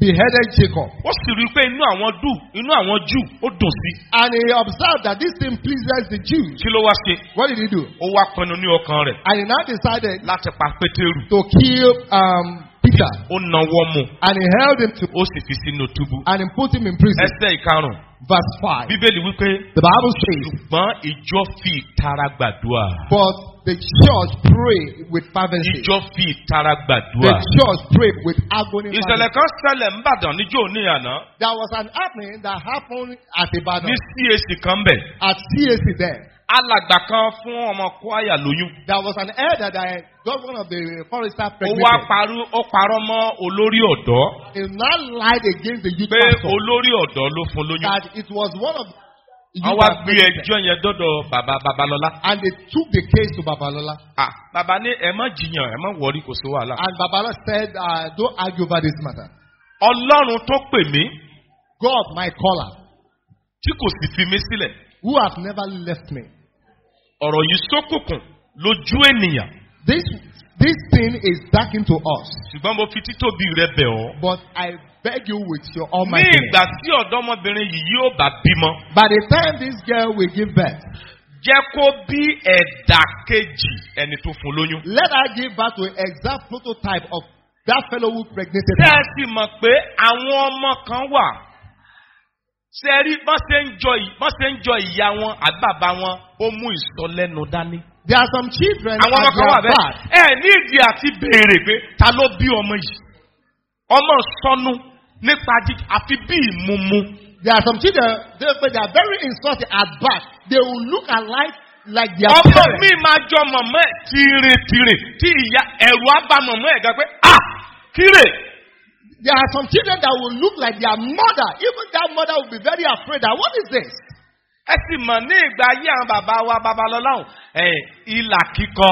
beheaded Jacob. Ó sì rí i pé inú àwọn dùn inú àwọn Júù ó dùn sí. And he observed that this thing pleases the Jews. Kí ló wá ṣe? What did he do? Ó wá pinnu ní ọkàn rẹ̀. And he now decided. Láti pa Pétérù. To kill um, Peter. Ó nawọ́ mu. And he held him to. Ó sì fi sínú túbú. And he put him in prison. Ẹsẹ̀ ìkarùn Verse five. Bíbélì wípé. The Bible says. Ṣùgbọ́n ìjọ fi ìtara gbàdúrà. But The church pray with fervency. Ìjọ fi ìtara gbàdúrà. The church pray with agony. Ìṣẹ̀lẹ̀ kan ṣẹlẹ̀ ń Bàdàn níjó ní àná. There was an happening that happened at Ìbàdàn. Ní CAC kan bẹ̀. At CAC there. Alàgbà kan fún ọmọ kwaya lóyún. There was an elder that got one of the forester pregnant. Ó wá parú ó parọ́ mọ́ olórí ọ̀dọ́. He now lied against the youth pastor. Pé olórí ọ̀dọ́ ló fún lóyún. That it was one of the Àwọn gbé ẹjọ́ yẹn dọ́dọ̀ bàbá Babalọ́lá. And they took the case to Babalọ́lá. Ah, bàbá ní ẹ má jiyàn, ẹ má wọrí kò sí wàhálà. And Babalọ́lá said, uh, don't argue over this matter. Ọlọ́run tó pè mí. God my caller. Tí kò sì fi mí sílẹ̀. Who has never left me. Ọ̀rọ̀ yìí ṣókùnkùn lójú ènìyàn. This this thing is dark into us. Ṣùgbọ́n mo fi títóbi rẹ bẹ̀ ọ́. But I beg you with your almighty. Ní ìgbà tí ọ̀dọ́mọbìnrin yìí yóò bá bímọ. By the time this girl will give birth. Jẹ́ kó bí ẹ̀dà kejì ẹni tó fún lóyún. Let her give birth to an exact prototype of that fellow who pregnant. her. Ṣé ẹ sì mọ̀ pé àwọn ọmọ kan wà? Ṣé ẹ rí bọ́n ṣe ń jọ ìyá wọn àbí wọn? Ó mú ìsọlẹ́nu dání. There are some children that are bad. Ẹ ní ìdí àti béèrè pé ta ló bí ọmọ yìí? Ọmọ sọnù nípa jíjí àfi bí ìmumu. There are some children they, they are very insulting at birth. They will look alike like their parents. Ọmọ mi máa jọ mọ̀mọ́ ẹ̀ tìrìtìrì tí ìyá ẹ̀rù á mọ̀mọ́ ẹ̀ gan pé ah kírè. There are some children that will look like their mother. Even that mother will be very afraid that what is this? Ẹ sì mọ̀ ní ìgbà ayé àwọn bàbá wa babalọ́láhùn ìlà kíkọ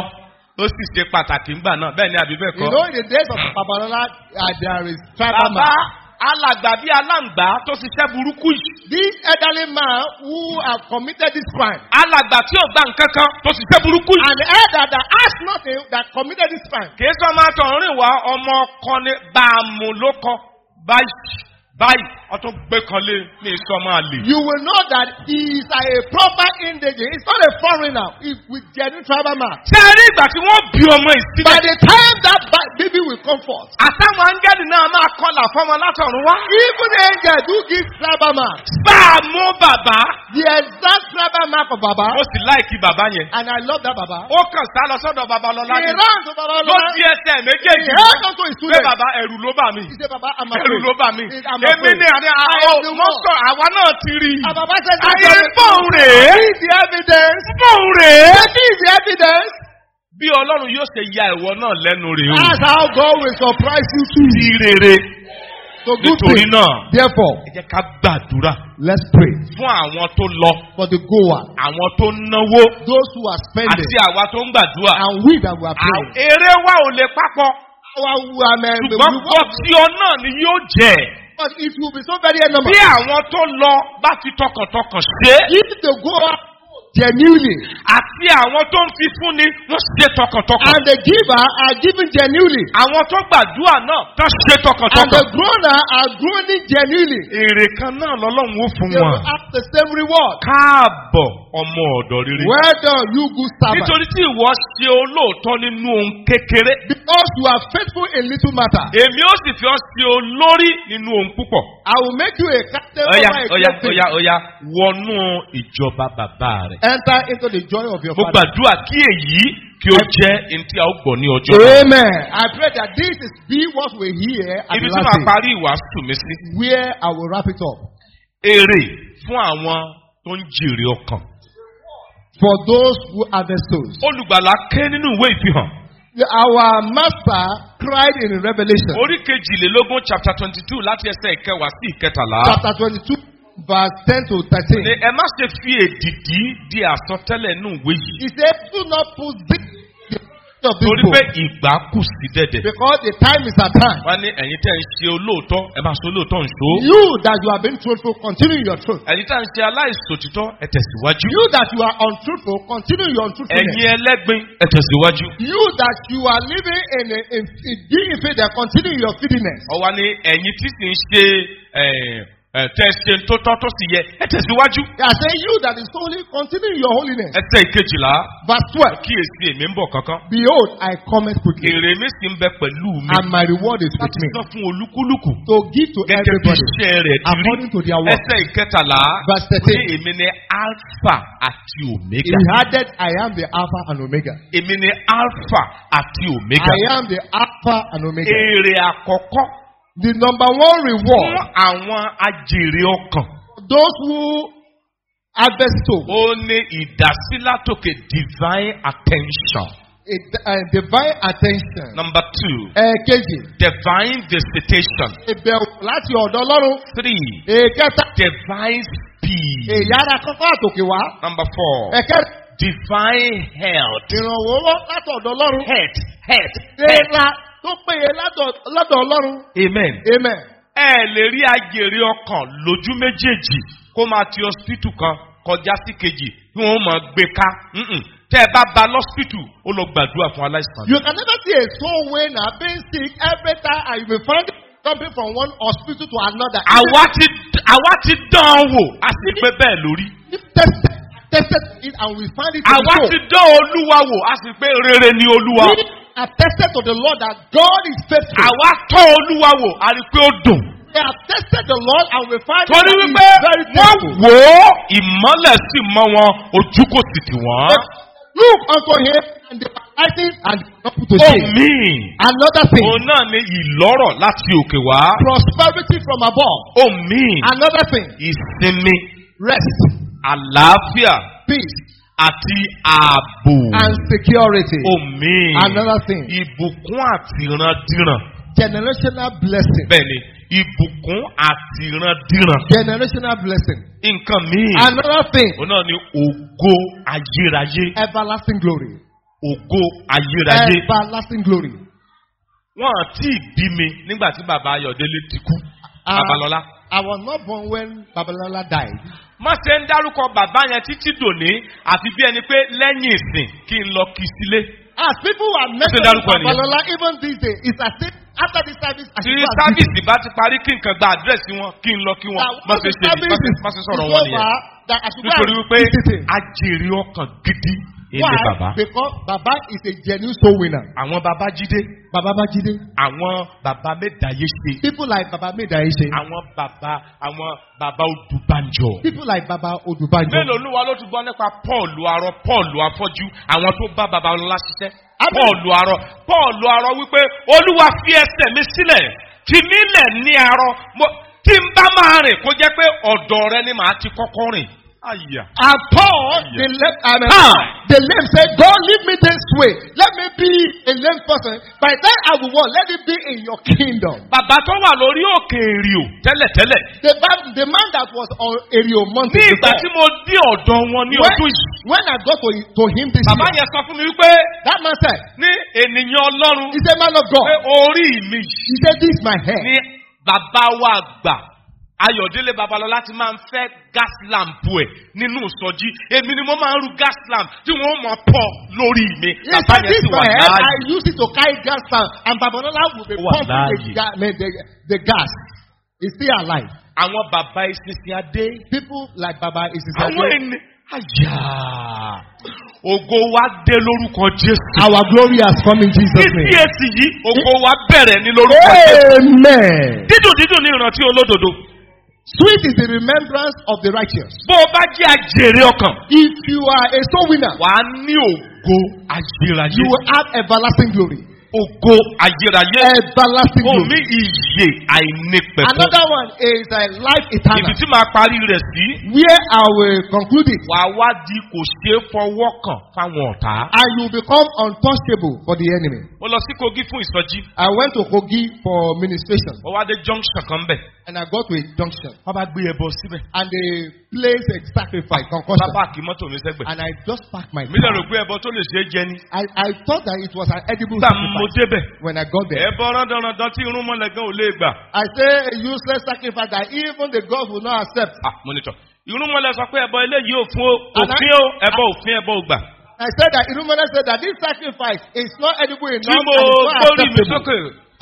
ó sì ṣe pàtàkì ńgbà náà bẹ́ẹ̀ ni àbí bẹ́ẹ̀ kọ́. You know in the days of Babalola uh, there is tribal man alàgbà bíi aláǹgbá tó ṣiṣẹ́ burúkú yìí. this elderly man who have committed this crime. alàgbà tí ò gba nǹkan kan tó ṣiṣẹ́ burúkú yìí. an elder that has nothing that committed this crime. kì í sọ máa tọ̀rìn wá ọmọ ọkọ ni bàámu ló kọ báyìí báyìí ọtún gbé kan lé ní ìsọmọ àlè. you will know that he is a proper indigenous he is not a foreigner If we with genuine tribal man. ṣé ẹ rí ìgbà tí wọ́n bí ọmọ ìsílẹ̀. by the time that baby will come forth. àtàwọn angẹ́lì náà máa kọlà fọmọ látọ̀run wá. even angel do give tribal man. sáà mú bàbá. the exact tribal man for Baba. ó sì láìkí bàbá yẹn. and I love that Baba. ó kàn sá lọ sọ́dọ̀ babalọ́lá ni. he ran to babalọ́lá. ló ti ẹsẹ̀ méjèèjì. he ran to his students. pé bàbá ẹ̀rù ló bà mí. he say bàbá I'm afraid. ló bà mí. I'm ni ni àwọn sọ àwa náà ti rí i. Àbàbá ṣe ṣe ṣe bóun rèé. This is the evidence. Bóun rèé. This is the evidence. Bí Ọlọ́run yóò ṣe ya ìwọ náà lẹ́nu rèé o. That's how God will surprise you too. Ti rere. So good thing. náà. Therefore. Ẹ jẹ́ ká gbàdúrà. Let's pray. Fún àwọn tó lọ. For the goer. Àwọn tó náwó. Those who are spending. Àti àwa tó ń gbàdúrà. And we that we are praying. Èrè wa ò lè papọ̀. Ṣùgbọ́n kọtí ọ náà ni yóò jẹ́. But it will be so very enormous. Bí àwọn tó lọ bá fi tọkàntọkàn ṣe. If they go out genuinely. Àti àwọn tó ń fi fúnni wọ́n ṣe tọkàntọkàn. And the giver are giving genuinely. Àwọn tó gbàdúrà náà tán ṣe tọkàntọkàn. And the groaner are groaning genuinely. Èrè kan náà lọ́lọ́run ó fún wọn. They have the same reward. Káàbọ̀ ọmọ ọ̀dọ̀ rere. Well done you good servant. Nítorí tí ìwọ ṣe olóòótọ́ nínú ohun kékeré. Because you are faithful in little matter. Èmi ó sì fi ọ́ ṣe olórí nínú ohun púpọ̀. I will make you a captain of my great Oya oya oya ọya ọya wọnú ìjọba bàbá rẹ̀. Enter into the joy of your father. Mo gbàdúrà kí èyí kí ó jẹ́ ntí a ó gbọ́ ní ọjọ́ Amen. I pray that this is be what we hear at the last Ibi tí màá parí ìwàásù mi sí. Where I will wrap it up. Èrè fún àwọn tó ń jèrè ọkàn. For those who are the souls. Olùgbàlà ké nínú ìwé ìfihàn. Our master cried in Revelation. Orí kejìlélógún chapter twenty two láti ẹsẹ̀ ìkẹwàá sí ìkẹtàlá. Chapter twenty two verse ten to thirteen. Ní ẹ má ṣe fi èdìdí di àsọtẹ́lẹ̀ nù wé yìí. He said do not put big of this book. torí pé ìgbà kù sí dẹ̀dẹ̀. because the time is at hand. wọ́n ní ẹ̀yin tẹ́ ń ṣe olóòótọ́ ẹ máa ṣe olóòótọ́ nṣó. you that you have been truthful continue your truth. ẹ̀yin tẹ́ ń ṣe aláìṣòtítọ́ ẹ tẹ̀síwájú. you that you are untruthful continue your untruthfulness. ẹ̀yin ẹlẹ́gbin ẹ tẹ̀síwájú. you that you are living in a in a being in faith continue your feediness. ọ̀wá ni ẹ̀yin tí sì ń ṣe eh, tẹ̀sẹ̀ tó tọ́ tó yẹ ẹ tẹ̀síwájú. I say you that is holy continue your holiness. ẹsẹ̀ ìkejìlá. verse twelve. kíyèsí èmi ń bọ̀ kankan. behold I come quickly. èrè mi sì ń bẹ pẹ̀lú mi. and my reward is with me. láti sọ fún olúkúlùkù. to give to everybody. gẹ́gẹ́ bí iṣẹ́ rẹ̀ ti according to their work. ẹsẹ̀ ìkẹtàlá. verse thirteen. ní èmi ni alpha àti omega. he added I am the alpha and omega. èmi ni alpha àti omega. I am the alpha and omega. èrè àkọ́kọ́. The number one reward. Fún àwọn ajèrè ọkàn. Those who harvest. Ó ní ìdásílátòkè divine attention. A, a divine attention. Number two. Ẹ̀ẹ̀kejì. Divine visitation. Ìbẹ̀wò láti ọ̀dọ̀ Ọlọ́run. Three. Ẹ̀ẹ̀kẹta. Divine speed. Ìyára kọ́kọ́ àtòkè wá. Number four. Ẹ̀kẹta. Divine health. Ìrànwọ́ látọ̀dọ̀ Ọlọ́run. Health health health tó péye lọ́dọ̀ ọlọ́run. amen. amen. ẹ lè rí ajèrè ọkàn lójú méjèèjì kó máa ti hospital kan kọjá sí kejì kí wọ́n máa gbé ká tẹ́ ẹ bá ba lọ́spítù ó lọ gbàdúrà fún aláìsàn. you can never see a soul winner been sick every time and you be found from one hospital to another. àwa ti àwa ti dán an wò a sì pé bẹ́ẹ̀ lórí tested it and we find it. Àwa ti dán Olúwa wò, a sì pé rere ni Olúwa. We attested to the Lord that God is faithful. Àwa tán Olúwa wò, a rí pé ó dùn. They have tested the Lord and we find that he is very faithful. Torí wípé wọ́n wò ó, ìmọ́lẹ̀ mọ́ wọn, ojú kò sì tì wọ́n. Look unto him and the fighting and the people to say. Oh me. Another thing. Òun náà ni ìlọ́rọ̀ láti òkè wá. Prosperity from above. Oh me. Another thing. Ìsinmi. Rest àlàáfíà. peace àti ààbò. and security. omi. another thing. ìbùkún àtìrandíran. generational blessing. bẹ́ẹ̀ni ìbùkún àtìrandíran. generational blessing. nǹkan míì. another thing. òun náà ni ògo ayérayé. everlasting glory. ògo ayérayé. everlasting glory. wọ́n àti ìbí mi nígbà tí bàbá Ayọ̀délé ti kú. Ah, Babalọ́lá. I was not born when Babalọ́lá died má ṣe ń dárúkọ bàbá yẹn títí dòní àfi bí ẹni pé lẹ́yìn ìsìn kí n lọ kí sílé. as people were mentioning babalola even this day it's as if after the service. tí sáfìsì bá ti parí kí nǹkan gba àdírẹ́sì wọn kí n lọ kí wọn má ṣe ṣe má ṣe sọ̀rọ̀ wọn nìyẹn nítorí wípé a jèrè ọkàn gidi. Why? Baba. Because Baba is a genuine soul winner. Àwọn Baba Jídé. Baba Bájídé. Àwọn Baba Médàyé ṣe. People like Baba Médàyé ṣe. Àwọn Baba àwọn Baba Odùbánjọ. People like Baba Odùbánjọ. Mélòó ló wà ló ti gbọ́ nípa Pọ́ọ̀lù arọ Pọ́ọ̀lù afọ́jú àwọn tó bá Baba Ọlá ṣiṣẹ́. Pọ́ọ̀lù arọ Pọ́ọ̀lù arọ wípé Olúwa fi ẹsẹ̀ mi sílẹ̀ fi mí lẹ̀ ní arọ tí n bá máa rìn kó jẹ́ pé ọ̀dọ̀ rẹ ni màá ti kọ́kọ́ rìn. And Paul, the lame, and Paul, the lame said, God, leave me this way. Let me be a lame person. By then I will walk. Let it be in your kingdom. Bàbá tó wà lórí òkè Èrìò tẹ́lẹ̀tẹ́lẹ̀. The, the man that was on Èrìò mountain. Ní ìgbà tí mo dé ọ̀dọ̀ wọn ní ọdún yìí. When I go to, to him this Bàbá year. Bàbá yẹn sọ fún mi wípé. That man said. Ní ènìyàn Ọlọ́run. He said man of God. Pé orí mi. He said this is my hair. Ní bàbá wa gbà. Ayọ̀délé Babalọ́lá ti máa ń fẹ́ gas lamp ẹ̀ nínú ìsọjí èmi ni mo máa ń ru gas lamp tí wọ́n mọ̀ pọ̀ lórí mi. bàbá yẹn sì wà I use it to carry gas lamp and Babalọ́lá will be pumping the, the, the gas. He still alive. Àwọn bàbá ìsinsin adé. People like Baba ìsinsin adé. Àwọn ènìyàn. Àyà. Ògo wa dé lórúkọ Jésù. Our glory has come in Jesus' name. Ní CAC yìí, ògo wa bẹ̀rẹ̀ ní lórúkọ Jésù. Amen. Dídùn dídùn ní ìrántí olódodo. Sweet is the remembrance of the righteous. Bó o bá jẹ́ àjèrè ọkàn. If you are a soul winner. Wàá ní ògo àjèrè. You will have everlasting glory ògo ayérayé. Omi ìyè àìnípẹ̀kun. Another one is a life eternal. Ibi tí màá parí rẹ̀ sí. Where I will conclude it. Wà wá di kò ṣe fọwọ́ kàn fáwọn ọ̀tá. And you become untouchable for the enemy. Mo lọ sí Kogi fún ìsọjí. I went to Kogi for ministration. Mo wá dé junction kan bẹ̀. And I got to a junction. Wọ́n bá gbé ẹbọ síbẹ̀. And they place a sacrifice concussion. Bá pààkì mọ́tò mi sẹ́gbẹ̀ẹ́. And I just park my car. Mi lè ẹbọ tó lè ṣe é jẹ ni. I I thought that it was an edible sacrifice mo débẹ̀. when I got there. ẹbọ rándọ̀ràndọ̀ tí irun mọ̀lẹ́gàn ò lè gbà. I say a useless sacrifice that even the God will not accept. ah monitor irúnmọ̀lẹ̀ sọ pé ẹbọ eléyìí òfin òfin ẹbọ òfin ẹbọ ògbà. I said that irúnmọ̀lẹ̀ said that this sacrifice is not edible enough and it's acceptable. tí mo gbórí mi sókè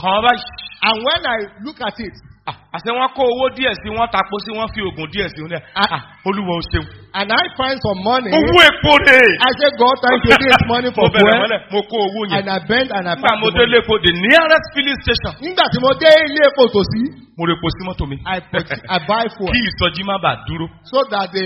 kàn báyìí. and when I look at it. Ah, àṣẹ wọn kó owó díẹ̀ sí wọn tapo sí wọn fi oògùn díẹ̀ sí wọn ní à ah, olúwa ó ṣeun. And I find some money. Owó epo rè. I say God thank you this money for fuel. Mo kó owó yẹn. And I bend and I pack the money. Nígbà mo dé epo the nearest filling station. Nígbà tí mo dé ilé epo tòsí. Mo rè epo mọ́tò mi. I buy for. Kí ìsọjí má bàa dúró. So that the.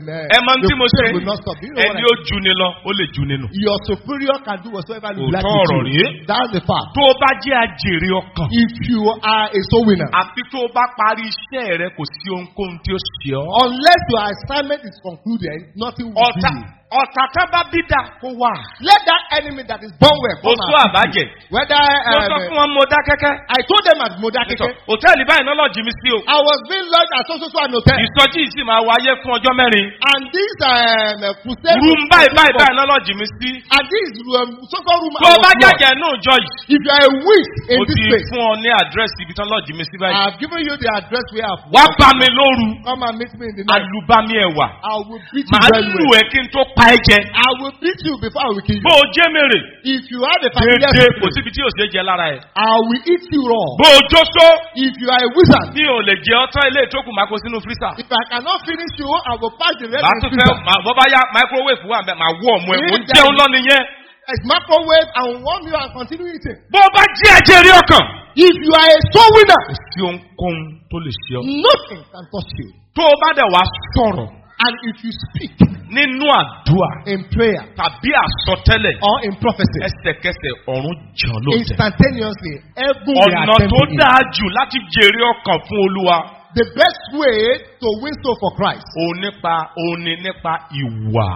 Um, uh, Ẹ máa ń tí mo ṣe. Ẹni ó ju ni lọ, ó lè ju ni nù. Your superior can do whatever you like to do. Òótọ́ ọ̀rọ̀ rèé. That's the fact. Tó o bá jẹ́ ajèrè ọkàn. If you are a soul winner. Àfi tó o bá parí iṣẹ́ rẹ kò sí ohunkóhun tí ó ṣe ọ́. Unless your assignment is concluded, nothing will altar. ọ̀tàtàbà bídà kò wà. let that enemy that is born well. o sún àbájẹ. whether mo sọ um, fún wọn mo dá kẹ́kẹ́. I told them as mo dá kẹ́kẹ́. hòtẹ́ẹ̀lì báyìí náà lọ́ọ̀jì mi sí o. I was being lodged at sososo an hotel. ìsọjí yìí sì máa wáyé fún ọjọ́ mẹ́rin. and this um, room báyìí báyìí báyìí náà lọ́ọ̀jì mi sí. and this um, soso room. tó o bá jàjẹ́ inú ìjọ yìí. if you are a witch in this place. mo ti fún ọ ní àdírẹ́sì ibi tán lọ́ọ̀jì mi sí báyìí. I have given you the address where I. wá bá mi lóru. come and meet me in the night. àlùbami ẹ̀wà. I will beat you very well. màá lù ẹ́ kí n tó pa pa ẹ́ jẹ. I will beat you before I will kill you. Bó o jẹ́ mèrè. If you have a familiar spirit. Dédé kò síbi tí o ṣe jẹ lára ẹ̀. I will eat you raw. Bó o jó só. If you are a wizard. Mi ò lè jẹ ọtán ilé ìtókù máa kó sínú fírísà. If I cannot finish you, I will pass the rest to the freezer. Màá tún fẹ́ bọ́ bá microwave wà mẹ́ màá wọ̀ ọmọ ẹ̀ mò ń jẹun lọ́ni yẹn. It's microwave and warm you and continue eating. Bó o bá jí ẹ̀jẹ̀ rí ọkàn. If you are a soul winner. Kò sí ohunkóhun tó lè ṣe ọ. Nothing can touch you. Tó o bá dẹ̀ wá sọ̀rọ̀. And if you speak nínú àdúrà. in prayer. tàbí àsọtẹ́lẹ̀. or in prophecy. ẹsẹ̀kẹsẹ̀ ọ̀run jàn ló tẹ. instantaneously every day I tell ọ̀nà tó dáa jù láti jèrè ọkàn fún olúwa. the best way to win soul for Christ. òun nípa òun ni nípa ìwà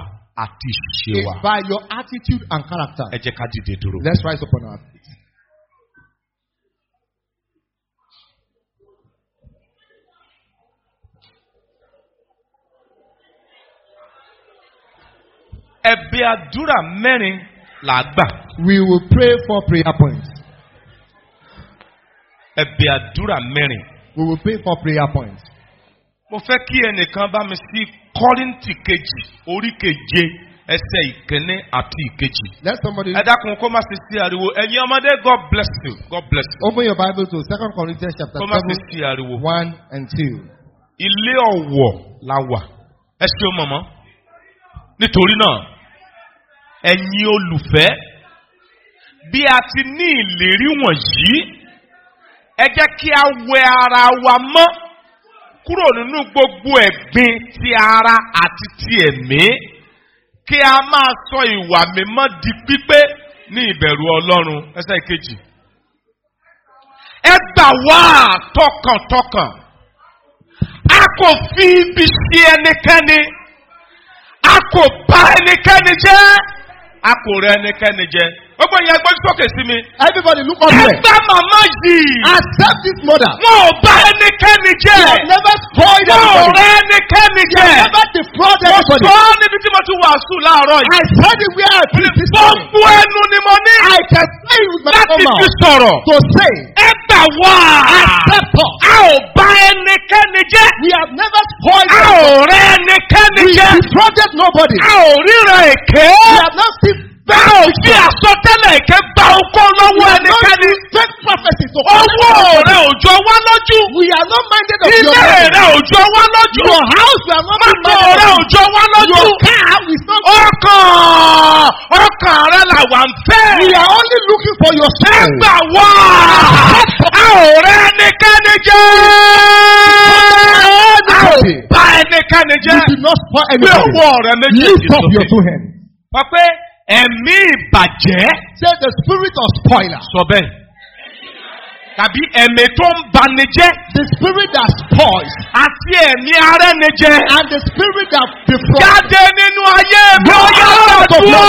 àti ìṣe wa. is by your attitude and character. ẹ jẹ́ ká dìde dúró. let's rise up on our feet. ẹ̀bẹ̀ àdúrà mẹ́rin là we will pray for prayer points. ẹ̀bẹ̀ àdúrà mẹ́rin. we will pray for prayer points. mo fẹ́ kí ẹnìkan bá mi sí kọ́ríntì kejì orí keje ẹsẹ̀ ìkíní àti ìkejì. let somebody. ẹ dákun kó má ṣe sí ariwo ẹ̀yin ọmọdé god bless you god bless you. open your bible to second corinthians chapter seven. kó má ṣe sí ariwo. one and two. ilé ọ̀wọ̀ la wà ẹ ṣeun mọ̀mọ́ nítorí náà ẹ̀yin olùfẹ́ bí a ti ní ìlérí wọ̀nyí ẹ jẹ́ kí a wẹ ara wa mọ́ kúrò nínú gbogbo ẹ̀gbin ti ara àti ti ẹ̀mí kí a máa sọ ìwà mímọ́ di pípé ní ìbẹ̀rù Ọlọ́run ẹsẹ̀ kejì ẹ gbà wá tọkàntọkàn a kò fi ibi ṣe ẹnikẹ́ni a kò bà ẹnikẹ́ni jẹ́ a kò ẹnikẹ́ni jẹ ó gbọ́n yẹn sókè sí mi. everybody look up there. ẹgbẹ́ màmá yìí. accept this mother. wọn ò bá ẹnikẹ́ni jẹ́. you have never spoiled anybody. wọn ò rẹ ẹnikẹ́ni jẹ́. you have never defrauded anybody. mo sọ níbi tí mo ti wàásù láàárọ̀ yìí. I said it where I preach this morning. gbogbo ẹnu ni mo ní. I can say it with my own mouth. láti fi sọ̀rọ̀. to say. ẹgbà wá. accept us. a ò bá ẹnikẹ́ni jẹ́. we have never spoiled anybody. a ò rẹ ẹnikẹ́ni jẹ́. we defrauded nobody. a ò ríra èké. we have not still bá òfin àsọtẹ́lẹ̀ ìkẹ́ gba okó lọ́wọ́ ẹnikẹ́ni. owó rẹ òjò wá lójú. ilé rẹ òjò wá lójú. mọ́tò rẹ òjò wá lójú. ọkọ̀ ọkọ̀ rẹ là wà ń fẹ́. we are only looking for your soul. ẹ gbà wá. a ò rẹ ẹnikẹ́ni jẹ́. a bá ẹnikẹ́ni jẹ́. we do not spoil anything. lift up your two hands. wọ́n pé. Ẹ̀mí ìbàjẹ́. Say the spirit of spoiler. Sọ bẹ́ẹ̀. Tàbí ẹ̀mí tó ń banijẹ́. The spirit that spoils. Àti ẹ̀mí arẹ́nijẹ́. And the spirit that defrauds. Jáde nínú ayé mi ó yá àdúrà.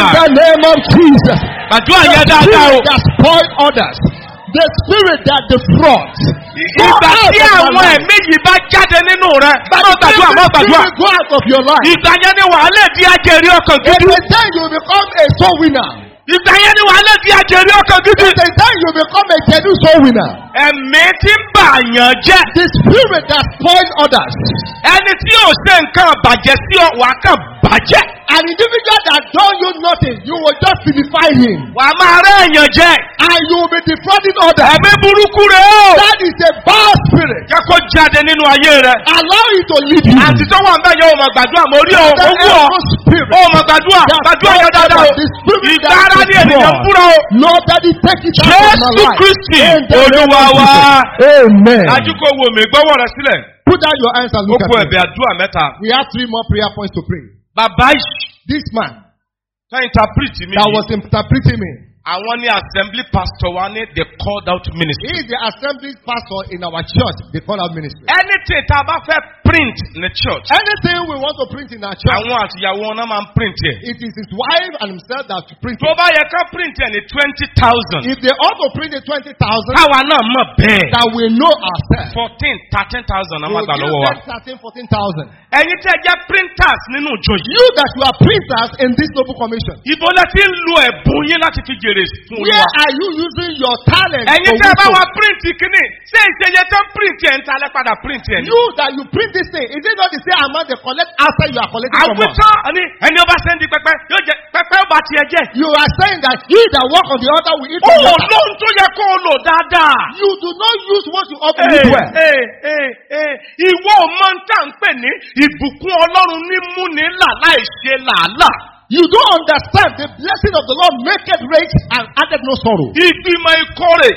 In the name of Jesus. Àdúrà yẹn dáadáa o. The spirit that spoils others the spirit that defrauds. Ìgbà tí àwọn ẹ̀mí yìí bá jáde nínú rẹ̀, má gbàdúrà má gbàdúrà. Ìgbà yẹn ni wàhálà di ajẹ̀rí ọkàn gidi. At the time you become a soul winner. Ìgbà yẹn ni wàhálà di ajẹ̀rí ọkàn gidi. At the time you become a genuine soul winner. Ẹ̀mí tí ń bà yàn jẹ́. The spirit that spoil others. Ẹni tí yóò ṣe nǹkan bàjẹ́ sí ọ, wàá bàjẹ́. An individual that done you nothing, you will just vilify him. Wà á máa rẹ́ èèyàn jẹ. And you will be defrauding others. Ẹ̀mí burúkú rẹ̀ o. That is a bad spirit. Jẹ́ kó jáde nínú ayé rẹ̀. Allow it to lead you. Àti tó wà bẹ́ẹ̀ yẹn o máa gbàdúrà mo rí o, o wú ọ. O máa gbàdúrà, gbàdúrà yẹn dáadáa o. Ìgbára ni ènìyàn fúnra o. Lord Daddy take it out of my life. Jésù Kristì Olúwa wa. Amen. mi gbọ́wọ́ rẹ sílẹ̀. Put down your hands and look at me. Ó kú ẹ̀bẹ̀ àdúrà mẹ́ta. We have three more prayer points to pray. Bàbá This man. Can interpret me. That was interpreting me. Àwọn ni assembly pastor wa ni they called out ministry. He is the assembly pastor in our church, they call out ministry. Anything tá a bá fẹ́ print ní church. Anything we want to print in our church. Àwọn àtìyàwó náà máa ń print yẹ. It is his wife and himself that to print. Tó bá yẹ ká print yẹ ní twenty thousand. If they also print the twenty thousand. Káwa náà mọ̀ bẹ́ẹ̀. That we know ourselves. Fourteen thirteen thousand náà máa gbà lọ́wọ́ wa. We will give them thirteen fourteen thousand. Ẹ̀yin tẹ́ jẹ́ printers nínú ìjọ yìí. You that you are printers in this noble commission. Ìbọn lẹ ti ń lo ẹ̀bùn yín láti fi jèrè èrè fún wa. where are you using your talent. ẹ̀yin tẹ́ ẹ bá wa print kínní ṣé ìṣẹ̀yẹ tẹ́ print ẹ̀ ń ta alẹ́ padà print ẹ̀ you that you print this thing is it not the same amount they collect after you are collecting from us. àwùjọ ni ẹni ọba sẹ́ndí pẹpẹ yóò jẹ pẹpẹ ó bá tiẹ̀ jẹ. you are saying that he that work on the altar will eat the your hand. o lóhun tó yẹ kó o lò dáadáa. you do not use what you offer hey, eh, with well. Eh, eh, ìwọ ò mọ ní tá à ń pè ní ìbùkún ọlọ́run ní múni là láì ṣe You don't understand the blessing of the Lord Make it rich and added no sorrow. If you Ìgbìmọ̀ ìkórè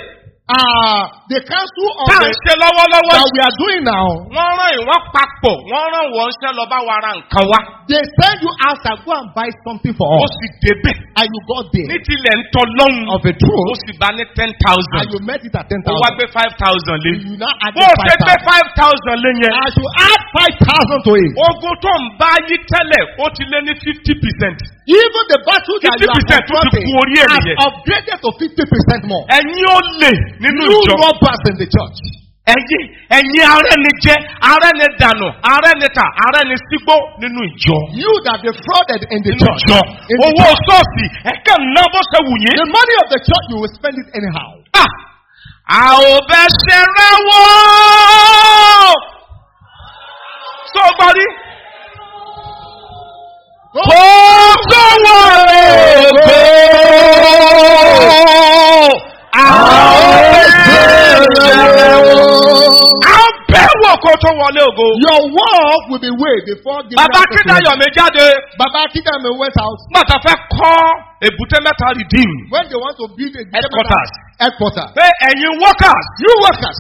uh, the council of the ṣe lọ́wọ́lọ́wọ́ that we are doing now. wọ́n rán ìwọ́n papọ̀ wọ́n rán wọ́n ṣe lọ bá wa ra nǹkan wa. they send you to go and buy something for us. ó sì débẹ̀. and you go there. ní tilẹ̀ ń tọ́ lọ́hùn. of a truth. ó sì bá ní ten thousand. and you met it at ten thousand. ó wá gbé five thousand lé. you now add five thousand. bó o ṣe gbé five thousand lé yẹn. as you add five thousand to it. ogun tó ń bá yí tẹ́lẹ̀ ó ti lé ní fifty percent. even the battle that you are confronting has upgraded to fifty percent more. ẹ̀yin ó lè nínú ìjọ. you robbers in the church. ẹ̀yin ẹ̀yin ará ni jẹ́ ará ni dànù ará ni tà ará ni sígbó nínú ìjọ. you that defrauded in the church. nínú ìjọ owó ṣọ́ọ̀ṣì ẹ̀ka ńlá bó ṣe wù yín. the money of the church you will spend it anyhow. a ò bẹ ṣe rẹ́wọ́. sọ gbọ́dí. Kò sówó rẹ̀ kò kó tó wọlé ògo. Your work will be way before the. Bàbá Akíndayọ̀mí jáde. Bàbá Akíndayọ̀mí went out. Bàtà fẹ́ kọ́ èbúté mẹ́ta redeem. When they want to build a. headquarters. headquarters. Pé ẹ̀yin workers. You workers.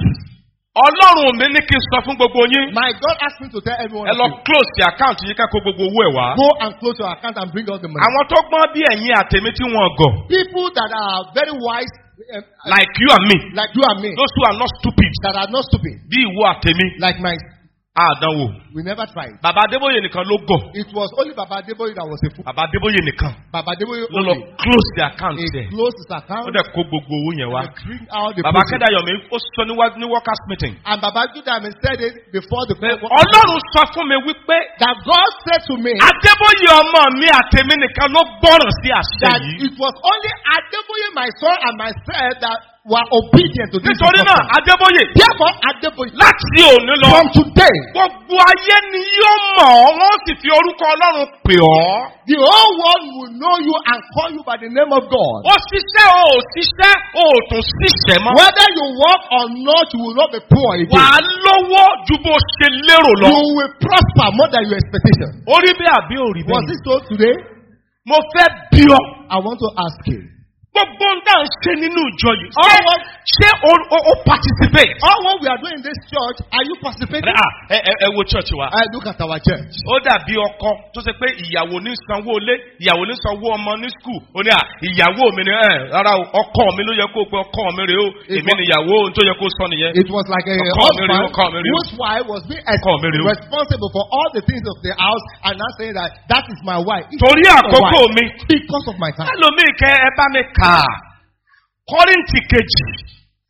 Ọlọ́run mi ní kí n sọ fún gbogbo yín. My God asked me to tell everyone. Ẹ lọ close the account yìí ká kó gbogbo owó ẹ̀ wá. Go and close your account and bring all the money. Àwọn tó gbọ́n bí ẹ̀yin àtẹ̀mí tí wọ́n gọ̀. People that are very wise like you and me. Like you and me. Those who are not stupid. That are not stupid. Be what to me. Like my àdánwò. we never tried. bàbá adébóyè nìkan ló gọ̀. it was only bàbá adébóyè that was a fool. bàbá adébóyè nìkan. bàbá adébóyè only. lọ close the account there. he closed his account. ó dẹ̀ kó gbogbo owó yẹn wá. he bring out the. bàbá kẹ́dàyọ̀mí ó sọ níwájú ní workers meeting. and bàbá júdàmí said it before the. ọlọ́run sọ fún mi wípé. that God said to me. adébóyè ọmọ mi àtèmi nìkan ló gbọ́ràn sí àṣẹ yìí. that it was only adébóyè my son and myself that were obedient to this. Nítorí náà, Adébóyè. Therefore, Adébóyè. Láti òní lọ. From today. Gbogbo ayé ni yóò mọ̀ ọ́, wọ́n sì fi orúkọ Ọlọ́run pè ọ́. The whole world will know you and call you by the name of God. Ó ṣiṣẹ́ o ò ṣiṣẹ́ o ò tún ṣiṣẹ́ mọ́. Whether you work or not, you will not be poor again. Wàá lówó ju bó ṣe lérò lọ. You will prosper more than your expectation. Orí bẹ́ẹ̀ àbí òrí bẹ́ẹ̀. Was it so today? Mo fẹ́ bí ọ. I want to ask you gbogbo ń dá ṣe nínú ìjọ yìí. ṣé ṣé o o participate. all what we are doing in this church are you participating. Ah, ẹ ẹ ẹ wo church wa. ẹ look at our church. ó dàbí ọkọ tó ṣe pé ìyàwó ní sanwó ilé ìyàwó ní sanwó ọmọ ní skul ó ní à ah, ìyàwó mi ni ẹ eh, rárá o ọkọ mi ló yẹ kó pé ọkọ mi rè o èmi ni ìyàwó ohun tó yẹ kó sọ nìyẹn. it was like a husband whose wife was being responsible for all the things of the house and now saying that that is my wife. torí àkókò mi. because of my time. ẹlòmíì kẹ ẹ bá mi k kẹta kọ́rìntì kejì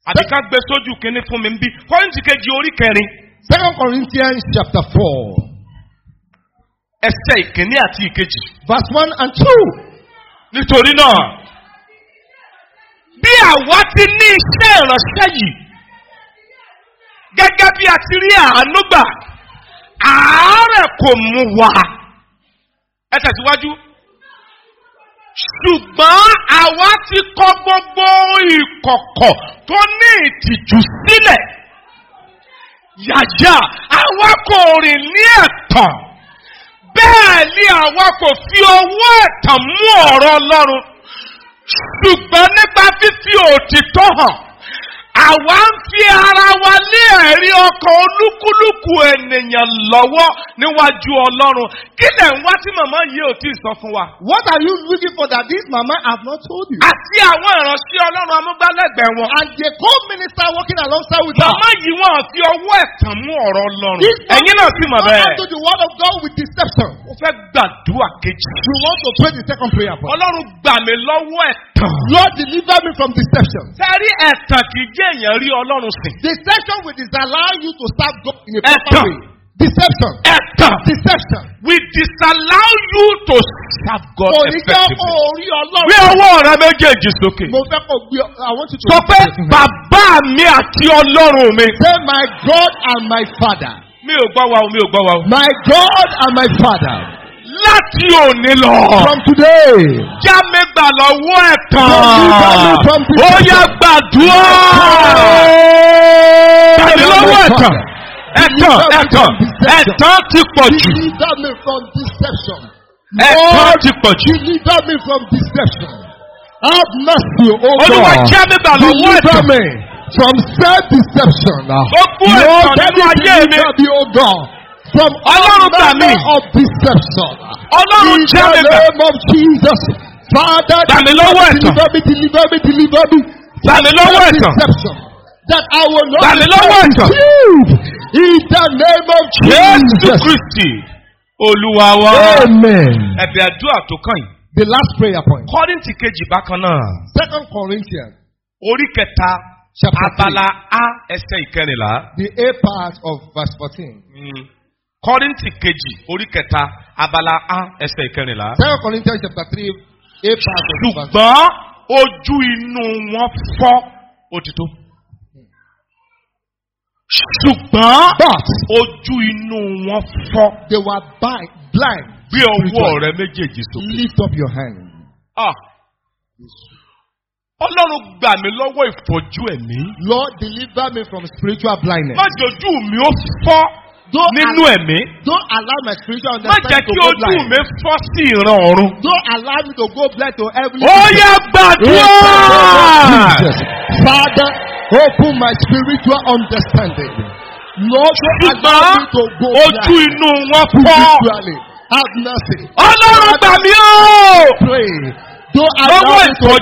àbí ká gbé sójú kínní fún mi bí kọ́rìntì kejì orí kẹrin. second corinthians chapter four. ẹsẹ̀ ìkíní àti ìkejì. verse one and two. nítorí náà bí àwa ti ní iṣẹ́ ìránṣẹ́ yìí gẹ́gẹ́ bí a ti rí àánú gbà àárẹ̀ kò mú wa. ẹ tẹ̀síwájú ṣùgbọ́n àwa ti kọ gbogbo ìkọ̀kọ̀ tó ní ìtìjú sílẹ̀ yàyà àwa kò rìn ní ẹ̀tàn bẹ́ẹ̀ ni àwa kò fi ọwọ́ ẹ̀tàn mú ọ̀rọ̀ Ọlọ́run ṣùgbọ́n nípa fífi òtítọ́ hàn àwa ń fi ara wa lé ẹ̀rí ọkàn olúkúlùkù ènìyàn lọ́wọ́ níwájú ọlọ́run kí lẹ̀ ń wá tí màmá yìí ò tí ì sọ fún wa. what are you looking for that this mama have not told you. àti àwọn ìránṣẹ́ ọlọ́run amúgbálẹ́gbẹ̀ẹ́ wọn. and the co-minister working alongside with her. màmá yìí wọn fi ọwọ́ ẹ̀tàn mú ọ̀rọ̀ ọlọ́run. ẹ̀yin náà sì mọ̀ bẹ́ẹ̀. this mama to the word of God with deception. mo fẹ́ gbàdúrà kejì. you want to pray the second prayer for. ọlọ́run gbà mí lọ́wọ́ ẹ̀tàn. Lord deliver me from deception. sẹ́rí ẹ̀tàn kì í j kí rí ọlọ́run sìn. deception will disallow you to serve God in a proper way. deception. ẹ̀tàn. deception. We disallow you to serve God effectively. kò ní jẹ́ orí ọlọ́run. gbé méjèèjì sókè. mo fẹ́ kó gbé I want you to. sọ pé bàbá mi àti ọlọ́run mi. say my God and my father. mi ò gbọ́ wa o mi ò gbọ́ wa o. my God and my father. Láti òní lọ. From today. Já mi gbà lọ́wọ́ ẹ̀ tán. Ó yá gbàdúrà. Tàbí lọ́wọ́ ẹ̀ tán. Ẹ̀tàn ẹ̀tàn ẹ̀tàn ti pọ̀ jù. Ẹ̀tàn ti pọ̀ jù. Deliver me from deception. Have mercy, O God. Olúwa já mi gbà lọ́wọ́ ẹ̀ tán. From self deception. Ó kú ẹ̀tàn nínú ayé mi. Lord, help me deliver me, O God from all manner of deception. Ọlọ́run jẹ́ mi bẹ̀. In the name of Jesus. Father, deliver me, deliver me, deliver me, deliver me. Dàmílọ́wọ́ ẹ̀tàn. That I will not Dàmílọ́wọ́ ẹ̀tàn. In the name of Jesus. Jésù Kristì Olúwa wa. Amen. Ẹ̀bẹ̀ àdúrà tó kàn yìí. The last prayer point. Kọ́rìntì kejì bákan náà. Second Corinthians. Orí kẹta abala A ẹsẹ̀ ìkẹrìnlá. The A part of verse fourteen. Mm kọ́rìntì kejì orí kẹta abala a ẹsẹ̀ ìkẹrìnlá. second Corinthians chapter three eight part of the verse. ṣùgbọ́n ojú inú wọn fọ́ òtítọ́. ṣùgbọ́n ojú inú wọn fọ́. they were blind. gbé ọwọ́ rẹ méjèèjì sókè. lift up your hand. ah. Ọlọ́run gbà mí lọ́wọ́ ìfọ́jú ẹ̀mí. Lord deliver me from spiritual blindness. Má jẹ́ ojú mi ó fọ́ nínú ẹ̀mí. don't allow my spiritual understanding to go blind. má jẹ́ kí ojú mi fọ́ sí ìran ọ̀run. don't allow me to go blind to every. ó yẹ gbàdúrà. father open my spiritual understanding. Lord, allow me to go blind. ojú inú wọn fọ́. have mercy. ọlọ́run gbà mí o. pray. Don't allow me to go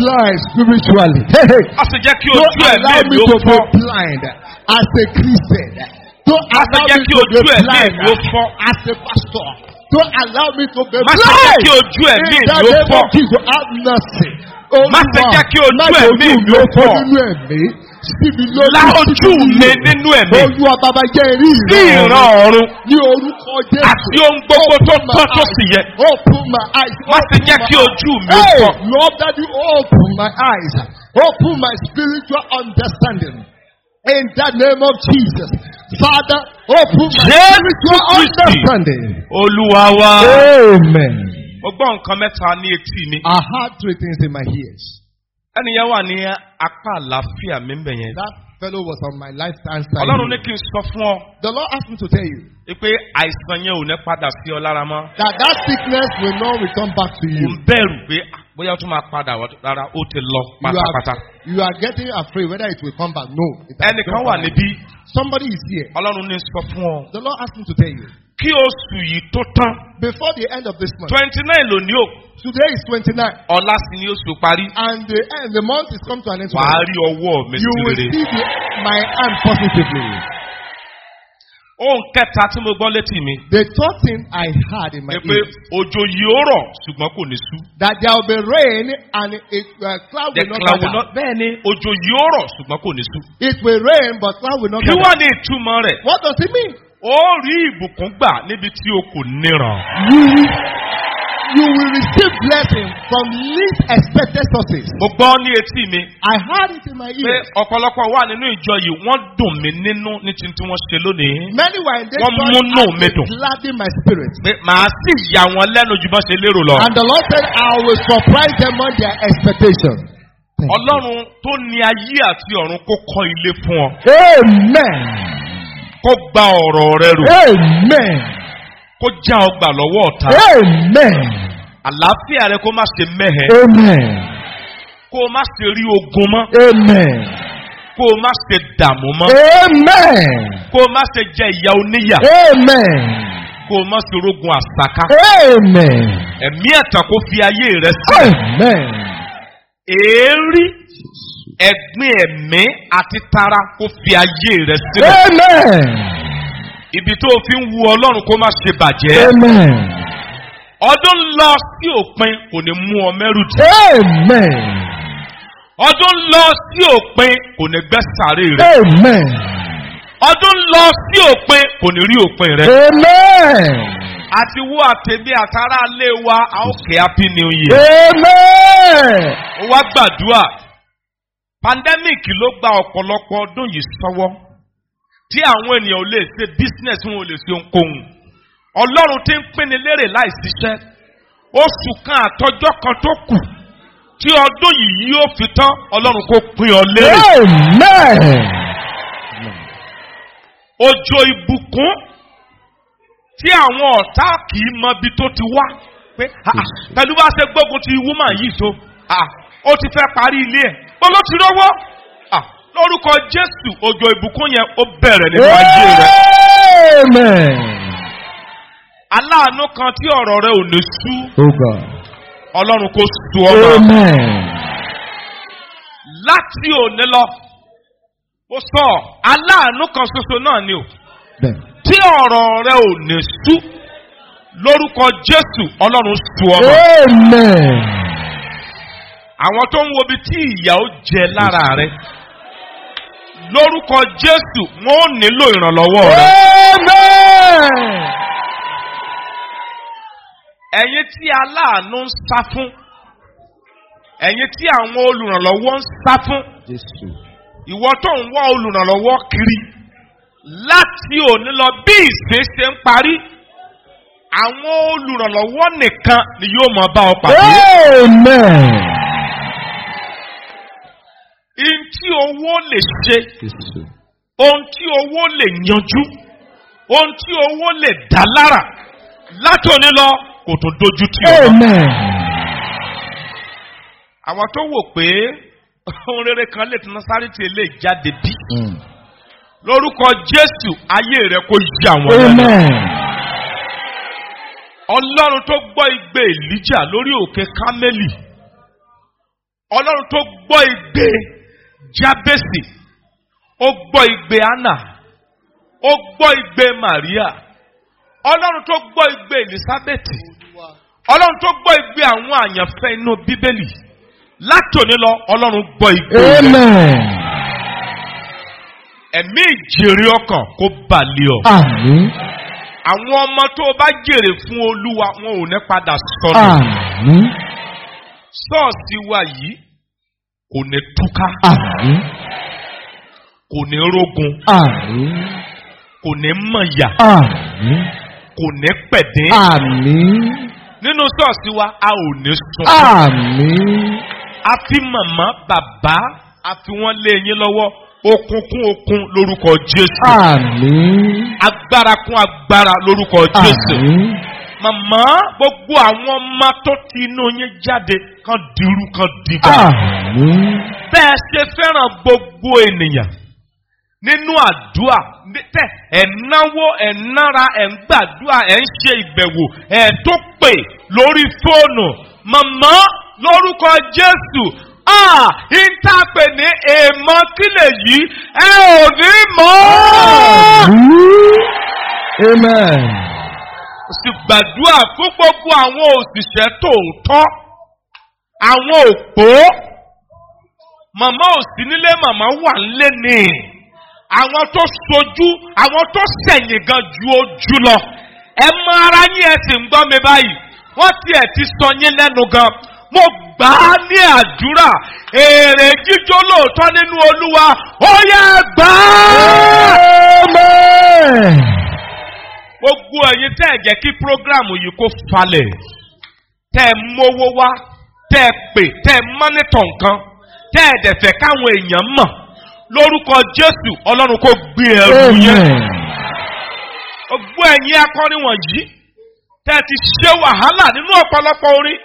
blind spiritually. Don't allow me to go blind as a Christian. Don't allow me to be blind as a pastor. Don't allow me to be blind. In the name of Jesus, have mercy. Má oh ṣe jẹ́ kí ojú ẹ̀mí mi ó fọ́. Síbi lórí La ojú mi nínú ẹ̀mí. Olúwa bàbá jẹ́ eré ìran ọ̀run. Bí ìran ọ̀run. Ní orúkọ Jésù. Àti ohun gbogbo tó tọ́ tó sì yẹ. Open my eyes. Má ṣe jẹ́ kí ojú mi ó fọ́. Hey Lord daddy open my eyes. Open my spiritual understanding. In the name of Jesus. Father, open my spiritual understanding. Olúwa Amen. Mo gbọ́ nǹkan mẹ́ta ní etí mi. I heard three things in my ears. Ẹni yẹn wà ní apá àlàáfíà mi ń bẹ̀ yẹn. That fellow was on my left hand side. Ọlọ́run ní kí n sọ fún ọ. The Lord asked me to tell you. Pé àìsàn yẹn ò ní padà sí ọ lára mọ́. That that sickness will not return back to you. Mo bẹ̀rù pé. Ah, bóyá ó tún máa padà rárá ó ti lọ pátápátá. you are getting afraid whether it will come back no. ẹnìkan wà níbí. somebody is here. ọlọ́run ní sọ fún ọ. the Lord asked me to tell you. kí oṣù yìí tó tán. before the end of this month. twenty nine ló o. today is twenty nine. ọ̀la sì ni oṣù parí. and the end the month is come to an end. wàá rí ọwọ́ mi sí rere. you will see the, my hand positively. Ohun kẹta tí mo gbọ́ létí mi. The third thing I heard in my ear. Ẹ pé òjò yóò rọ̀ ṣùgbọ́n kò ní sú. That there will be rain and a uh, cloud will not gather. Not... Bẹ́ẹ̀ni òjò yóò rọ̀ ṣùgbọ́n kò ní sú. It will rain but cloud will not gather. Kí wàá ní ìtumọ̀ rẹ̀? What does it mean? Ó rí ìbùkún gbà níbi tí o kò níran. Yíyí. You will receive blessing from least expected sources. Mo gbọ́ ní etí mi. I heard it in my ear. Pé ọ̀pọ̀lọpọ̀ wà nínú ìjọ yìí, wọ́n dùn mí nínú ní ti tí wọ́n ṣe lónìí. Many were in this church and they gladden my spirit. Pé màá sì yà wọ́n lẹ́nu jù bá ṣe lérò lọ. And the Lord said, I will surprise them on their expectations. Ọlọ́run tó ní ayé àti ọ̀run kó kọ́ ilé fún ọ. Amen. Kó gba ọ̀rọ̀ rẹ rò. Amen kó já ọgbà lọ́wọ́ ọ̀tá. amen. àlàáfíà rẹ kó má ṣe mẹ́hẹ̀. amen. kó o má ṣe rí ogun mọ́. amen. kó o má ṣe dààmú mọ́. amen. kó o má ṣe jẹ ìyà oníyà. amen. kó o má ṣe rogun àṣàká. amen. ẹ̀mí ẹ̀tàn kó fi ayé rẹ sílẹ̀. amen. èérí ẹ̀gbin ẹ̀mí àti tara kó fi ayé rẹ sílẹ̀. amen ibi tó fi ń wu ọlọ́run kó má ṣe bàjẹ́. amen. ọdún lọ sí òpin kò ní mú ọ mẹ́rù jù. amen. ọdún lọ sí òpin kò ní gbẹ́ sàárè rẹ. amen. ọdún lọ sí òpin kò ní rí òpin rẹ. amen. àti wo àtẹ̀bí àtàrà alẹ́ wa a ó kẹ́ happy new year. amen. ó wá gbàdúrà pandemic ló gba ọ̀pọ̀lọpọ̀ ọdún yìí sọ́wọ́ tí àwọn ènìyàn ò lè ṣe business wọn ò lè ṣe ohunkóhun ọlọ́run ti ń pinni lérè láìsíṣẹ́ oṣù kan àtọjọ́ kan tó kù tí ọdún yìí yóò fi tán ọlọ́run kò pin ọ lérè. òjò ìbùkún tí àwọn ọ̀tá kì í mọ ibi tó ti wá pé ah, ah, pẹ̀lú bá ṣe gbógun ti woman yìí so ah, ó ti fẹ́ parí ilé ẹ̀ bọ́lá lórúkọ Jésù òjò ìbùkún yẹn ó bẹ̀rẹ̀ nínú ayé rẹ. aláàánú kan tí ọ̀rọ̀ rẹ ò lè sú oh ọlọ́run kò sú ọ náà láti òní lọ ó sọ aláàánú kan ṣoṣo náà ni o tí ọ̀rọ̀ rẹ ò lè sú lórúkọ Jésù ọlọ́run sú ọ náà àwọn tó ń wo ibi tí ìyà jẹ lára rẹ lórúkọ Jésù wọn ò nílò ìrànlọ́wọ́ rẹ. ẹ̀yin tí aláàánú ń sá fún ẹ̀yin tí àwọn olùrànlọ́wọ́ ń sá fún ìwọ tó ń wá olùrànlọ́wọ́ kiri láti òní lọ bí ìsìn ṣe ń parí àwọn olùrànlọ́wọ́ nìkan ni yóò máa bá ọ pàdé. Amen ohun tí owó lè ṣe ohun tí owó lè yanjú ohun tí owó lè dá lára látòní lọ kò tó dojú tì ọ́. àwọn tó wò pé ohun rere kan lè tún sáré tí eléyìí jáde bí mm. lórúkọ Jésù ayé rẹ kó yí àwọn ẹlẹ́rìí. Ọlọ́run tó gbọ́ igbe Èlíjà lórí òkè Kámẹ́lì Ọlọ́run tó gbọ́ igbe Jabesi, ó gbọ́ igbe Anna ó gbọ́ igbe Maria ọlọ́run tó gbọ́ igbe Elizabeth ọlọ́run tó gbọ́ igbe àwọn àyànfẹ́ inú bíbélì látòní lọ ọlọ́run gbọ́ igbe rẹ̀ ẹ̀mí ìjèrè ọkàn kó balẹ̀ ọ. Àmín. àwọn ọmọ tó o bá jèrè fún olúwa wọn ò ní padà sọnù. Àmín. sọ́ọ̀sì wa yìí kò ní túká. Àmín. Kò ní rógun. Àmín. Kò ní mọ̀yà. Àmín. Kò ní pẹ̀dín. Àmín. Nínú ṣọ́ọ̀ṣì wa, a ò ní sun. Àmín. A fi màmá bàbá a fi wọ́n lé yín lọ́wọ́ okunkun okun lórúkọ Jésù. Àmín. Agbára kún agbára lórúkọ Jésù màmá gbogbo àwọn ọmọ tó ti inú yín jáde kan dirú kan dìbò. bẹ́ẹ̀ ṣe fẹ́ràn gbogbo ènìyàn nínú àdúà tẹ ẹ náwó ẹ nára ẹ ń gbàdúà ẹ ń ṣe ìbẹ̀wò ẹ tó pè lórí fóònù màmá lórúkọ Jésù ah n ta pè ní èèmọ̀ kílẹ̀ yìí ẹ ò ní mọ̀. amen sì gbàdúrà fún gbogbo àwọn òṣìṣẹ́ tòótọ́ àwọn òpó màmá ò sí nílé màmá wà nílé ni àwọn tó sojú àwọn tó sẹ̀yìn gan ju ojú lọ ẹ mọ ara yín ẹ sì ń gbọ́ mi báyìí wọ́n tiẹ̀ ti sọ yín lẹ́nu gan mo gbà á ní àdúrà èrè jíjó lóòótọ́ nínú olúwa ó yẹ gbà á gbogbo ẹ̀yin tẹ́ ẹ̀ kí programu yìí kó falẹ̀ tẹ́ ẹ mówó wá tẹ́ ẹ pè tẹ́ ẹ mọ́nítọ̀ nǹkan tẹ́ ẹ dẹ̀fẹ̀ káwọn èèyàn mọ̀ lórúkọ Jésù Ọlọ́run kó gbé ẹrù yẹn gbogbo ẹ̀yin akọrin wọ̀nyí tẹ́ ẹ ti ṣe wàhálà nínú ọ̀pọ̀lọpọ̀ orin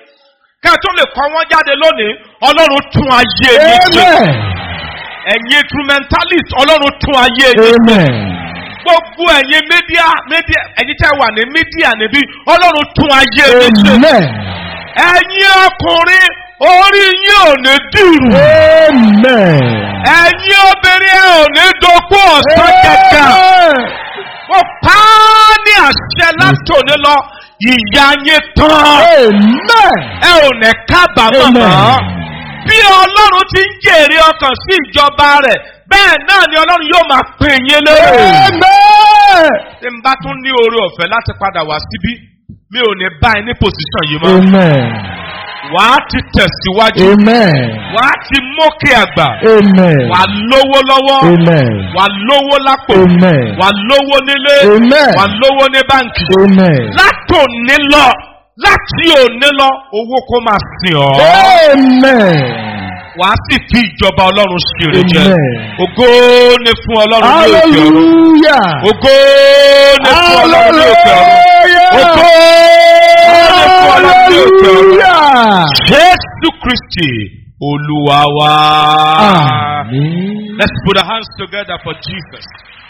kẹ́ ẹ tó lè kọ́ wọn jáde lónìí Ọlọ́run tún ayé mi ṣe ẹ̀yin instrumentalist Ọlọ́run tún ayé mi ṣe gbogbo ẹ̀yin mídíà mídíà ẹ̀yin tẹ́ wà ní mídíà níbí ọlọ́run tún ayé mi ṣe. ẹ̀yin ọkùnrin orí yín ò ní dìrù. ẹ̀yin obìnrin ẹ̀ ò ní dopó ọ̀sán kẹ̀kẹ́. mo pa ní àṣẹ látòní lọ ìyá yín tán. ẹ ò ní kábàámọ̀ mọ́. bí ọlọ́run ti ń jèrè ọkàn sí ìjọba rẹ̀ bẹ́ẹ̀ náà ni ọlọ́run yóò máa pè yín lóore. ṣé n bá tún ní oore ọ̀fẹ́ láti padà wá síbí mi ò ní bá ẹ ní pòsíṣàn yìí mọ́. wà á ti tẹ̀síwájú. wà á ti mókè àgbà. wà á lówó lọ́wọ́. wà á lówó lápò. wà á lówó nílé. wà á lówó ní báǹkì. látòní lọ láti òní lọ owó kó máa sìn ọ́. amen. amen. amen. amen. amen. amen wà á sì fi ìjọba ọlọ́run ṣèrè jẹ. ògo ni fún ọlọ́run ní òkè ọ̀run. ògo ni fún ọlọ́run ní òkè ọ̀run. ògo ni fún ọlọ́run ní òkè ọ̀run. jésù kristi olúwa let's put our hands together for jesus.